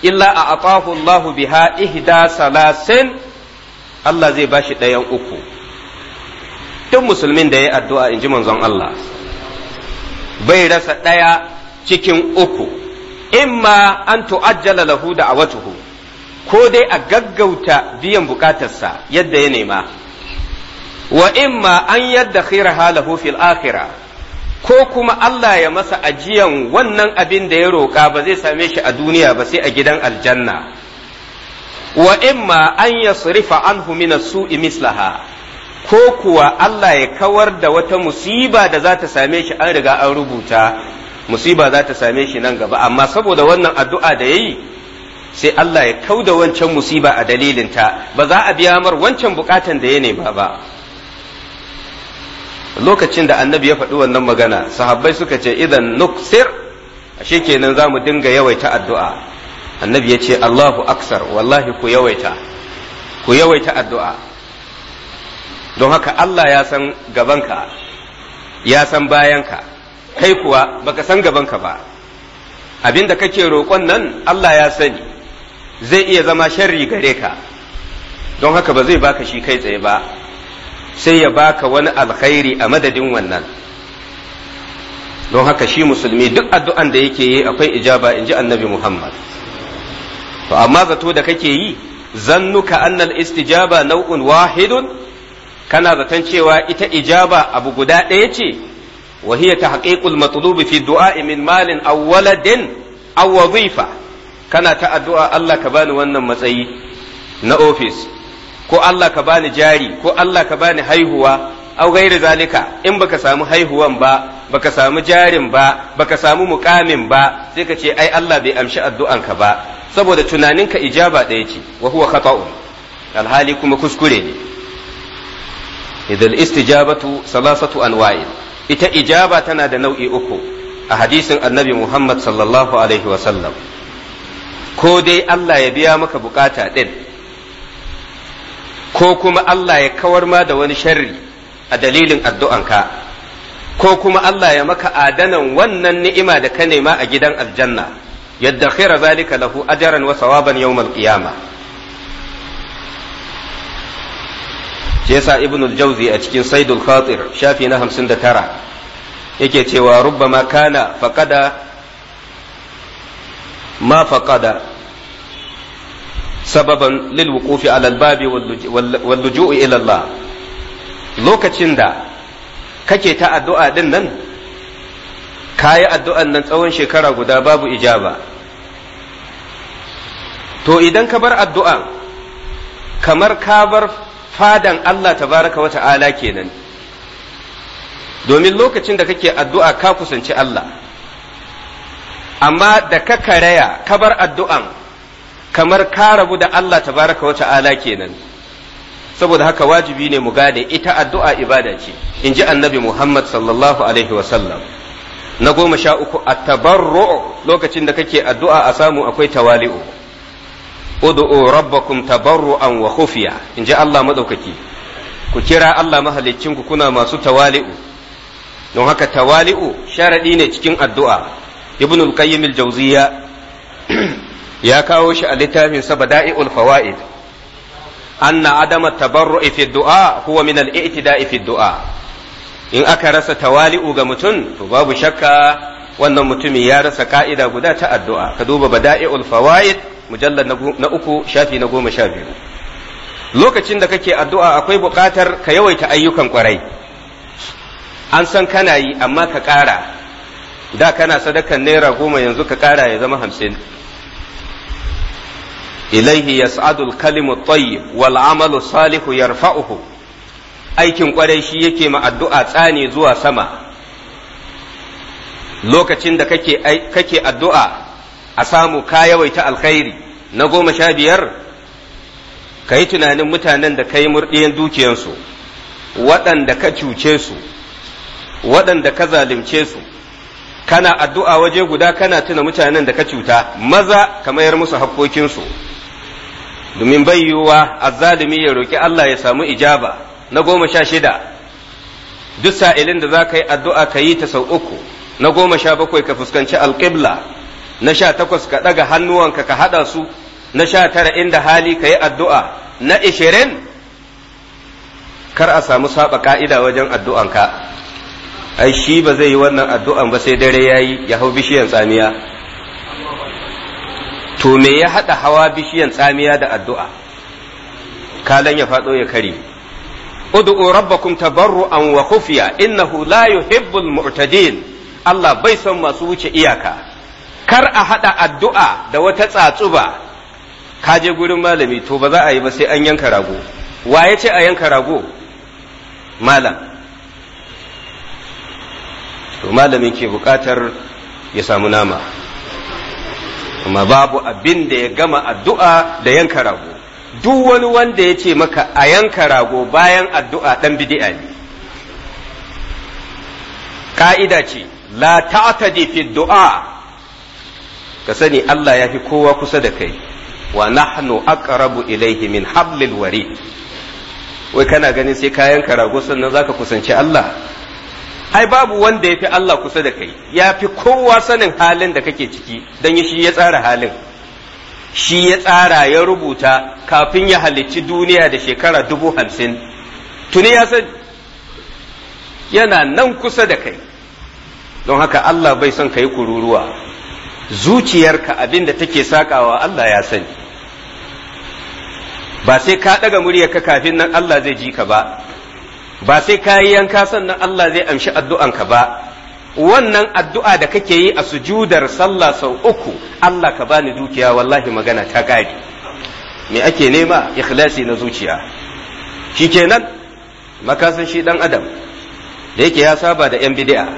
illa a atahu Allahu biha ihda salasin Allah zai bashi ɗayan uku duk musulmin da ya addu'a in ji manzon Allah bai rasa ɗaya cikin uku imma an tu'ajjala lahu da a ko dai a gaggauta biyan bukatarsa yadda ya nema wa imma an yadda khira halahu fil akhira ko kuma Allah ya masa ajiyan wannan abin da ya roƙa ba zai same shi a duniya ba sai a gidan aljanna wa imma an yasrifa anhu min as-su'i mislaha ko kuwa Allah ya kawar da wata musiba da za ta same shi an riga an rubuta musiba za ta same shi nan gaba amma saboda wannan addu'a da ya yi sai Allah ya kau da wancan musiba a dalilinta ba za a biya mar wancan bukatan da ya nema ba lokacin da annabi ya faɗi wannan magana sahabbai suka ce idan nuksir ashe kenan za mu dinga yawaita addu'a annabi ya ce Allahu aksar wallahi ku yawaita ku yawaita addu'a don haka Allah ya san gabanka ya san bayanka kai kuwa baka san gabanka ba abinda kake roƙon nan Allah ya sani zai iya zama sharri gare ka don haka ba zai baka shi kai tsaye ba sai ya baka wani alkhairi a madadin wannan don haka shi musulmi duk addu'an da yake yi akwai ijaba in ji annabi Muhammad to amma zato da kake yi zannuka annal istijaba nau'un wahidun kana zaton cewa ita ijaba abu guda ɗaya ce wa hiya tahqiqul matlubi fidua'imin du'a min malin aw waladin aw wadhifa kana ta addu'a Allah ka bani wannan matsayi na ofis. ko Allah ka bani jari ko Allah ka bani haihuwa au gairi zalika in baka samu haihuwan ba baka samu jarin ba baka samu mukamin ba sai ka ce ai Allah bai amshi addu'anka ba saboda tunaninka ijaba ɗaya ce wa huwa khata'un alhali kuma kuskure ne idal istijabatu salasatu anwa'i ita ijaba tana da nau'i uku a hadisin annabi Muhammad sallallahu alaihi wa sallam ko dai Allah ya biya maka bukata din ko kuma Allah ya kawar ma da wani sharri a dalilin addu'anka ko kuma Allah ya maka adanan wannan ni'ima da ka nema a gidan aljanna yadda khaira zalika lahu ajaran wa sawaban yawmal qiyama yasa ibnul jauzi a cikin saidul khatir shafi na hamsin tara yake cewa rubbama makana faƙada ma faƙada. sababan lil wuqufi ala albabi wal lokacin da kake ta addu'a din nan kayi addu'an nan tsawon shekara guda babu ijaba to idan ka bar addu'a kamar ka bar fadan Allah Ta baraka wata ala kenan domin lokacin da kake addu'a ka kusanci Allah amma da ka karaya ka bar addu'an kamar ka rabu da Allah tabaraka wa ta'ala kenan saboda haka wajibi ne mu gane ita addu'a ibada ce in ji annabi Muhammad sallallahu alaihi wa sallam na goma sha uku a tabarru lokacin da kake addu'a a samu akwai tawali'u ud'u rabbakum tabarru'an wa khufiya in ji Allah madaukaki ku kira Allah ku kuna masu tawali'u don haka tawali'u sharadi ne cikin addu'a ibn al-qayyim al-jawziya ya kawo shi a littafin sa bada'i'ul fawaid anna adama tabarru'i fi du'a huwa min al-i'tida'i fi du'a in aka rasa tawali'u ga mutum to babu shakka wannan mutumin ya rasa ka'ida guda ta addu'a ka duba bada'i'ul fawaid mujallad na uku shafi na goma sha biyu lokacin da kake addu'a akwai buƙatar ka yawaita ayyukan kwarai an san kana yi amma ka ƙara da kana sadakan naira goma yanzu ka ƙara ya zama hamsin ilaihi yas'adul kalimu tayyib wal amalu salihu yarfa'uhu aikin ƙwarai shi yake ma addu'a tsane zuwa sama lokacin da kake kake addu'a a samu ka yawaita alkhairi na goma sha biyar ka yi tunanin mutanen da ka yi murɗiyan dukiyansu waɗanda ka cuce su waɗanda ka zalunce su kana addu'a waje guda kana tuna mutanen da ka cuta maza ka mayar musu hakkokinsu domin bai yiwuwa azzalimi ya roki Allah ya samu ijaba na goma sha shida duk sa'ilin da za ka yi addu'a ka yi ta sau uku na goma sha bakwai ka fuskanci alƙibla na sha takwas ka ɗaga hannuwanka ka haɗa su na sha tara inda hali ka yi addu'a na ishirin kar a samu saba ka'ida wajen addu'anka ai shi ba zai yi wannan addu'an ba sai dare ya yi ya hau bishiyan tsamiya to me ya haɗa hawa bishiyan tsamiya da addu'a kalan ya faɗo ya kare ud'u rabbakum tabarru'an wa khufiya innahu la yuhibbul mu'tadin Allah bai san masu wuce iyaka kar a haɗa addu'a da wata tsatsuba ka je gurin malami to ba za a yi ba sai an yanka rago wa ya ce a yanka rago malam to malamin ke buƙatar ya samu nama amma babu abin da ya gama addu'a da yanka rago duk wani wanda ya ce maka a yanka rago bayan addu'a ɗan bidi'a ne ƙa'ida ce la ta'tadi fi du'a ka sani Allah ya fi kowa kusa da kai wa nahnu aqrabu ilayhi min hablil warid wai kana ganin sai ka yanka rago sannan zaka kusanci Allah ai babu wanda ya fi Allah kusa da kai ya fi kowa sanin halin da kake ciki don shi ya tsara halin shi ya tsara ya rubuta kafin ya halicci duniya da shekara dubu hamsin tuni ya san yana nan kusa da kai don haka Allah bai son ka yi kururuwa zuciyarka abinda take sakawa Allah ya sani ba sai ka ɗaga muryarka kafin nan Allah zai ji ka ba ba sai ka yi yanka sannan Allah zai amshi addu'anka ba wannan addu'a da kake yi a sujudar sallah sau uku Allah ka bani dukiya wallahi magana ta gari me ake nema ikhlasi na zuciya kenan makasan shi ɗan adam da yake ya saba da yan bid'a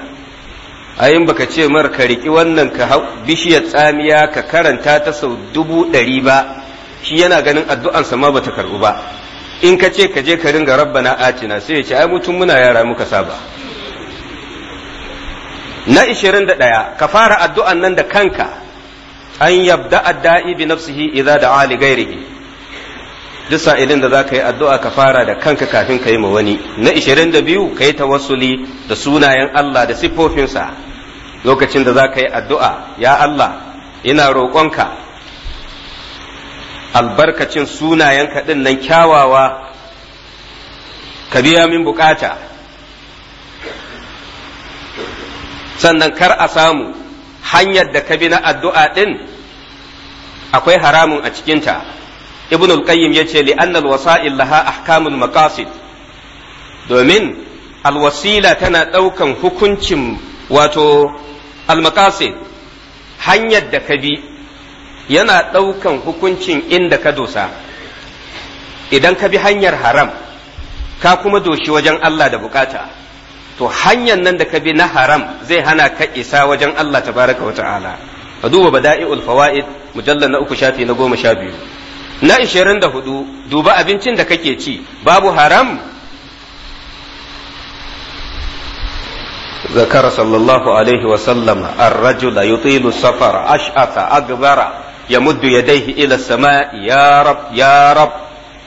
ayin baka ce mar ka riki wannan ka hau bishiyar tsamiya ka karanta ta sau dubu ɗari ba shi yana ganin addu'ansa ma bata karɓu ba in ka ce ka je ka ringa na atina sai ya ce ai mutum muna yara muka saba na 21 ka fara addu'an nan da kanka an yabda adda'i bi nafsihi idza da'a li ghairihi duk sa'ilin da zaka yi addu'a ka fara da kanka kafin ka yi ma wani na 22 ka yi tawassuli da sunayen Allah da siffofinsa lokacin da zaka yi addu'a ya Allah ina roƙonka albarkacin sunayen kaɗin nan kyawawa ka biya min bukata sannan kar a samu hanyar da ka bi na addu'a ɗin akwai haramun a cikinta ibn al-qayyim ya ce li'annal wasa'il laha ahkamul maqasid domin alwasila tana ɗaukan hukuncin wato al-maqasid hanyar da ka bi yana ɗaukan hukuncin inda ka dosa idan ka bi hanyar haram ka kuma doshi wajen Allah da bukata to hanyar nan da ka bi na haram zai hana ka isa wajen Allah tabaraka wa ta'ala ka duba bada'i'ul fawaid mujallar na uku shafi na goma sha biyu na ishirin da hudu duba abincin da kake ci babu haram ذكر صلى الله عليه وسلم الرجل يطيل السفر أشأث ya muddu ya daihi ila sama ya rab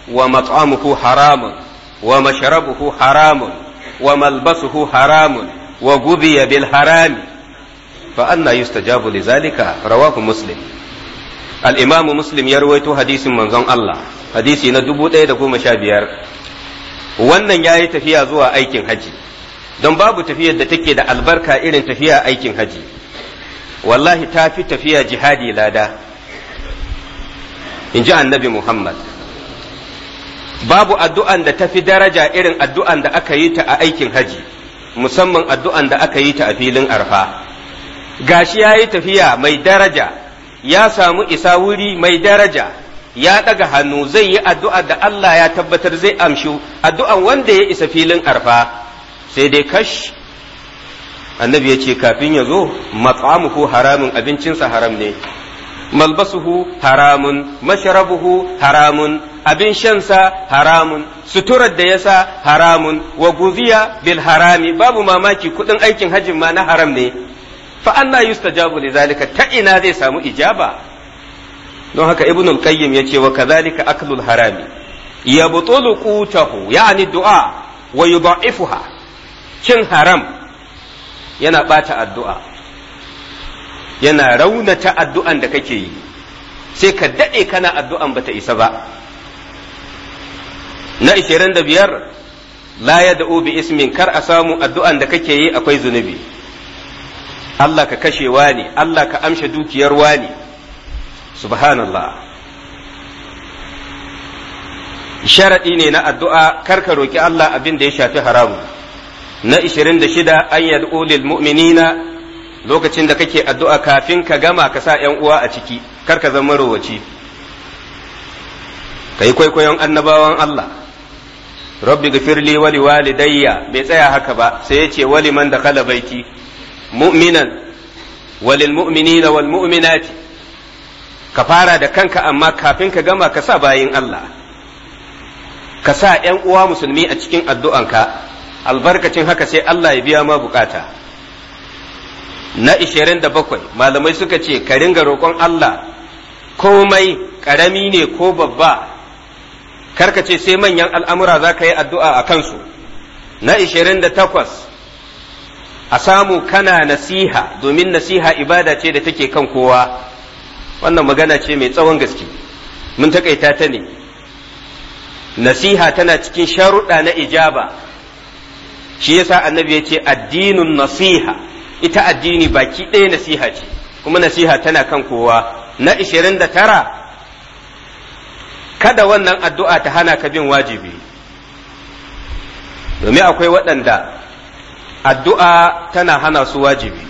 wa mat'amuhu haramun wa mashrabuhu haramun wa malbasuhu haramun wa gubiya bil harami fa anna yustajabu li zalika rawahu muslim al imam muslim ya rawaito hadisin manzon Allah hadisi na dubu ɗaya da sha biyar. wannan ya yi tafiya zuwa aikin hajji don babu tafiyar da take da albarka irin tafiya aikin hajji. wallahi ta fi tafiya jihadi lada in ji annabi Muhammad babu addu'an da tafi daraja irin addu'an da aka yi ta a aikin haji musamman addu'an da aka yi ta a filin arfa gashi ya yi tafiya mai daraja ya samu isa wuri mai daraja ya ɗaga hannu zai yi addu'a da Allah ya tabbatar zai amshi addu'an wanda ya isa filin arfa sai dai kash annabi ya ce kafin ya zo matsamu ko haramin abincinsa haram ne malbasuhu haramun mashrabuhu haramun abin shansa haramun suturar da yasa haramun wa guziya bil harami babu mamaki kudin aikin hajjin ma na haram ne fa anna yustajabu lidhalika ta ina zai samu ijaba don haka ibnul qayyim yace wa kadhalika aklul harami ya butulu qutahu yani du'a wa yudha'ifuha cin haram yana bata addu'a yana raunata addu'an da kake yi sai ka daɗe kana addu'an bata isa ba na 25 la ya da'u bi ismin kar a samu addu'an da kake yi akwai zunubi Allah ka kashe wani Allah ka amsha dukiyar wani subhanallah sharaɗi ne na addu'a kar ka roƙi Allah abin da ya shafi haramu na 26 an yad'u lil mu'minina lokacin da kake addu'a kafin ka gama ka sa uwa a ciki kar ka zama rowaci ka yi kwaikwayon annabawan Allah rabbi gafirli wali walidayya bai tsaya haka ba sai ya ce wali man da kala baiti mu'minan walil wal mu'minati ka fara da kanka amma kafin ka gama ka sa bayin Allah ka sa ‘yan uwa musulmi a cikin addu'anka albarkacin haka sai Allah ya biya ma bukata. na 27 malamai suka ce ka ringa roƙon Allah komai ƙarami ne ko babba karka ce sai manyan al'amura za ka yi addu'a a kansu na 28 a samu kana nasiha domin nasiha ibada ce da take kan kowa wannan magana ce mai tsawon gaske mun takaita ta ne nasiha tana cikin sharuɗa na ijaba shi yasa annabi ya ce addinin nasiha ita addini baki ɗaya nasiha ce kuma nasiha tana kan kowa na ishirin da tara kada wannan addu'a ta hana ka bin wajibi domin akwai waɗanda addu'a tana hana su wajibi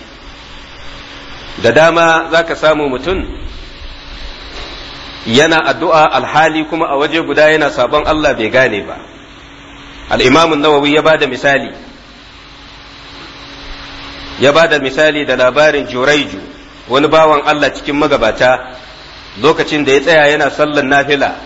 da dama za ka samu mutum yana addu'a alhali kuma a waje guda yana sabon Allah bai gane ba al'imamun nawawi ya ba da misali ya ba da misali da labarin juraiju wani bawan Allah cikin magabata lokacin da ya tsaya yana sallan nafila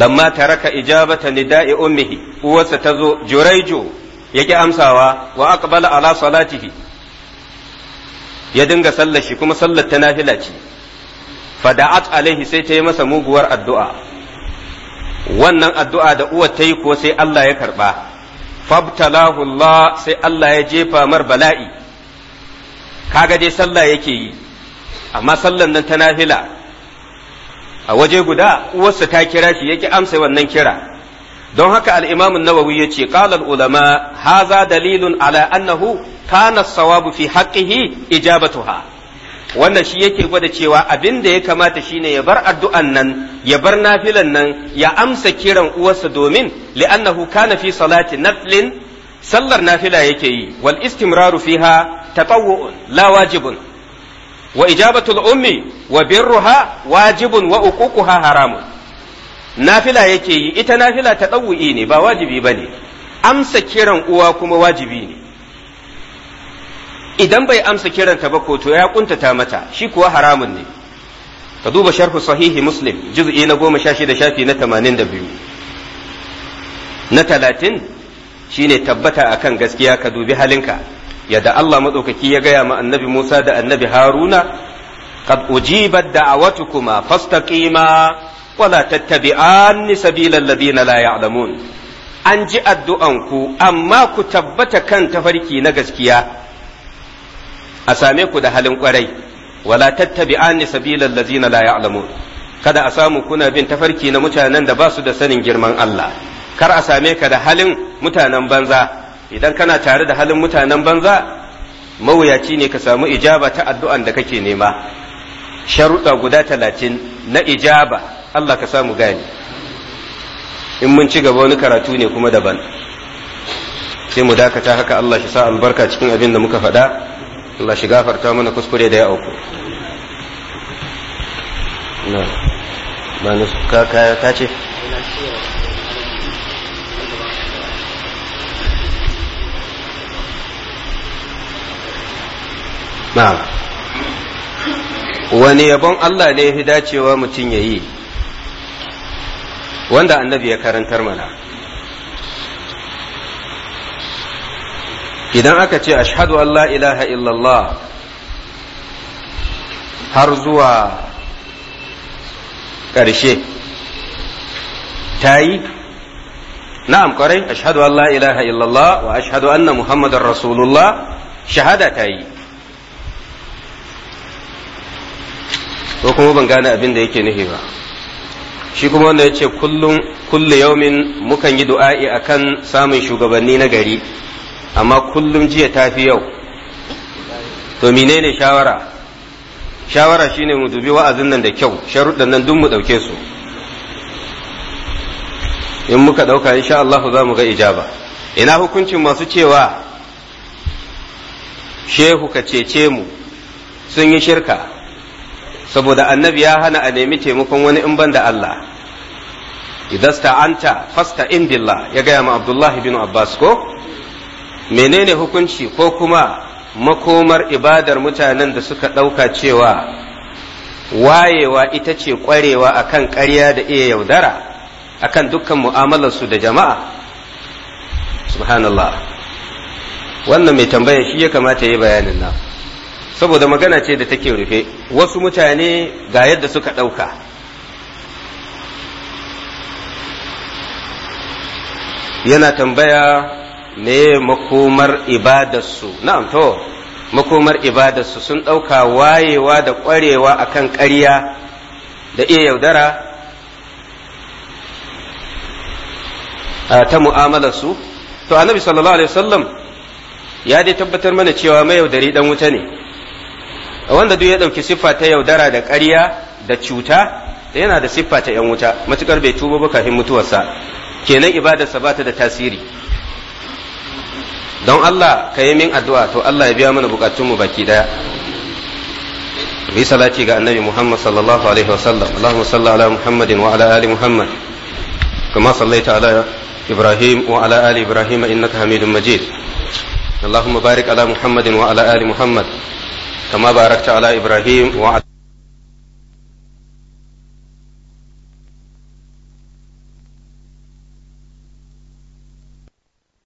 lamma taraka ijabata nida'i ummihi uwarsa ta zo juraiju yaki amsawa wa aqbala ala salatihi ya dinga sallar shi kuma sallar ta nafila ce fada'at alaihi sai ta yi masa muguwar addu'a wannan addu'a da uwar ta yi ko sai Allah ya karba fabtalahu Allah sai Allah ya jefa mar bala'i kaga dai sallah yake yi amma sallan nan ta nafila a waje guda uwarsa ta kira shi yake amsa wannan kira don haka al'imamin imam an-Nawawi yace qala al-ulama haza dalilun ala annahu kana as-sawabu fi haqqihi ijabatuha wannan shi yake gwada cewa abin da ya kamata shine ya bar addu'an nan ya bar nafilan nan ya amsa kiran uwarsa domin li'annahu kana fi salati naflin sallar nafila yake yi wal istimraru fiha tatawwu'un la wajibun wa ijabatul ummi wa birruha wajibun wa uququha haramun nafila yake yi ita nafila tatawwu'i ne ba wajibi bane amsa kiran uwa kuma wajibi ne idan bai amsa kiranta ba ko to ya kuntata mata shi kuwa haramun ne ka duba sharhu sahihi muslim juz'i na goma sha shida shafi na tamanin da biyu na talatin shine tabbata akan gaskiya ka dubi halinka yadda Allah maɗaukaki ya gaya ma annabi Musa da annabi Haruna قد أجيبت دعوتكما فاستقيما ولا تتبعان سبيل الذين لا يعلمون an ji addu'anku amma ku tabbata kan tafarki na gaskiya a same ku da halin kwarai wala tattabi'ani sabilal ladina la ya'lamu kada a samu kuna bin tafarki na mutanen da ba su da sanin girman Allah kar a same ka da halin mutanen banza idan kana tare da halin mutanen banza mawuyaci ne ka samu ijaba ta addu'an da kake nema sharuɗa guda talatin na ijaba Allah ka samu gani in mun ci gaba wani karatu ne kuma daban sai mu dakata haka Allah shi sa albarka cikin abin da muka faɗa Allah shi gafarta mana kuskure da ya auku na ba ta ce na'am wani yabon Allah ne ya fi dacewa mutum ya yi wanda annabi ya karantar mana idan aka ce ashhadu an la ilaha illallah har zuwa ƙarshe ta yi na'am ƙwarai ashhadu an la ilaha illallah wa ashhadu anna muhammadar rasulullah shahada ta yi ko kuma ban gane abin da yake nufi ba shi kuma wanda ya ce kullum kulle yaumin mukan yi du'a'i akan samun shugabanni na gari amma kullum jiya ta fi yau to menene shawara shawara shine mu dubi wa'azin nan da kyau sharuɗan nan duk mu ɗauke su in muka ɗauka insha Allah za mu ga ijaba ina hukuncin masu cewa shehu ka cece mu sun yi shirka saboda annabi ya hana a nemi taimakon wani in ban da Allah idasta anta fasta in billah ya gaya ma Abdullahi bin Abbas ko menene hukunci ko kuma makomar ibadar mutanen da suka ɗauka cewa wayewa ita ce ƙwarewa akan ƙarya da iya yaudara akan dukkan mu'amalarsu da jama'a subhanallah wannan mai tambaya shi ya kamata yi bayanin nan saboda magana ce da take rufe wasu mutane ga yadda suka ɗauka yana tambaya Ne makomar ibadarsu na'am to makomar ibadarsu sun ɗauka wayewa da ƙwarewa akan ƙarya da iya yaudara ta mu'amalarsu to annabi sallallahu alaihi wasallam ya dai tabbatar mana cewa mai yaudari dan wuta ne wanda duk ya ɗauki siffa ta yaudara da ƙarya da cuta yana da siffa ta ‘yan wuta matukar bai tuba ba kafin mutuwarsa kenan ibadarsa ba ta da tasiri don Allah ka yi min addu'a to Allah ya biya mana bukatunmu baki daya bi salati ga annabi Muhammad sallallahu alaihi Allahumma salli ala Muhammadin wa ala ali Muhammad kama sallaita ala Ibrahim wa ala ali Ibrahim innaka Hamidum Majid Allahumma barik ala Muhammadin wa ala ali Muhammad kama barakta ala Ibrahim wa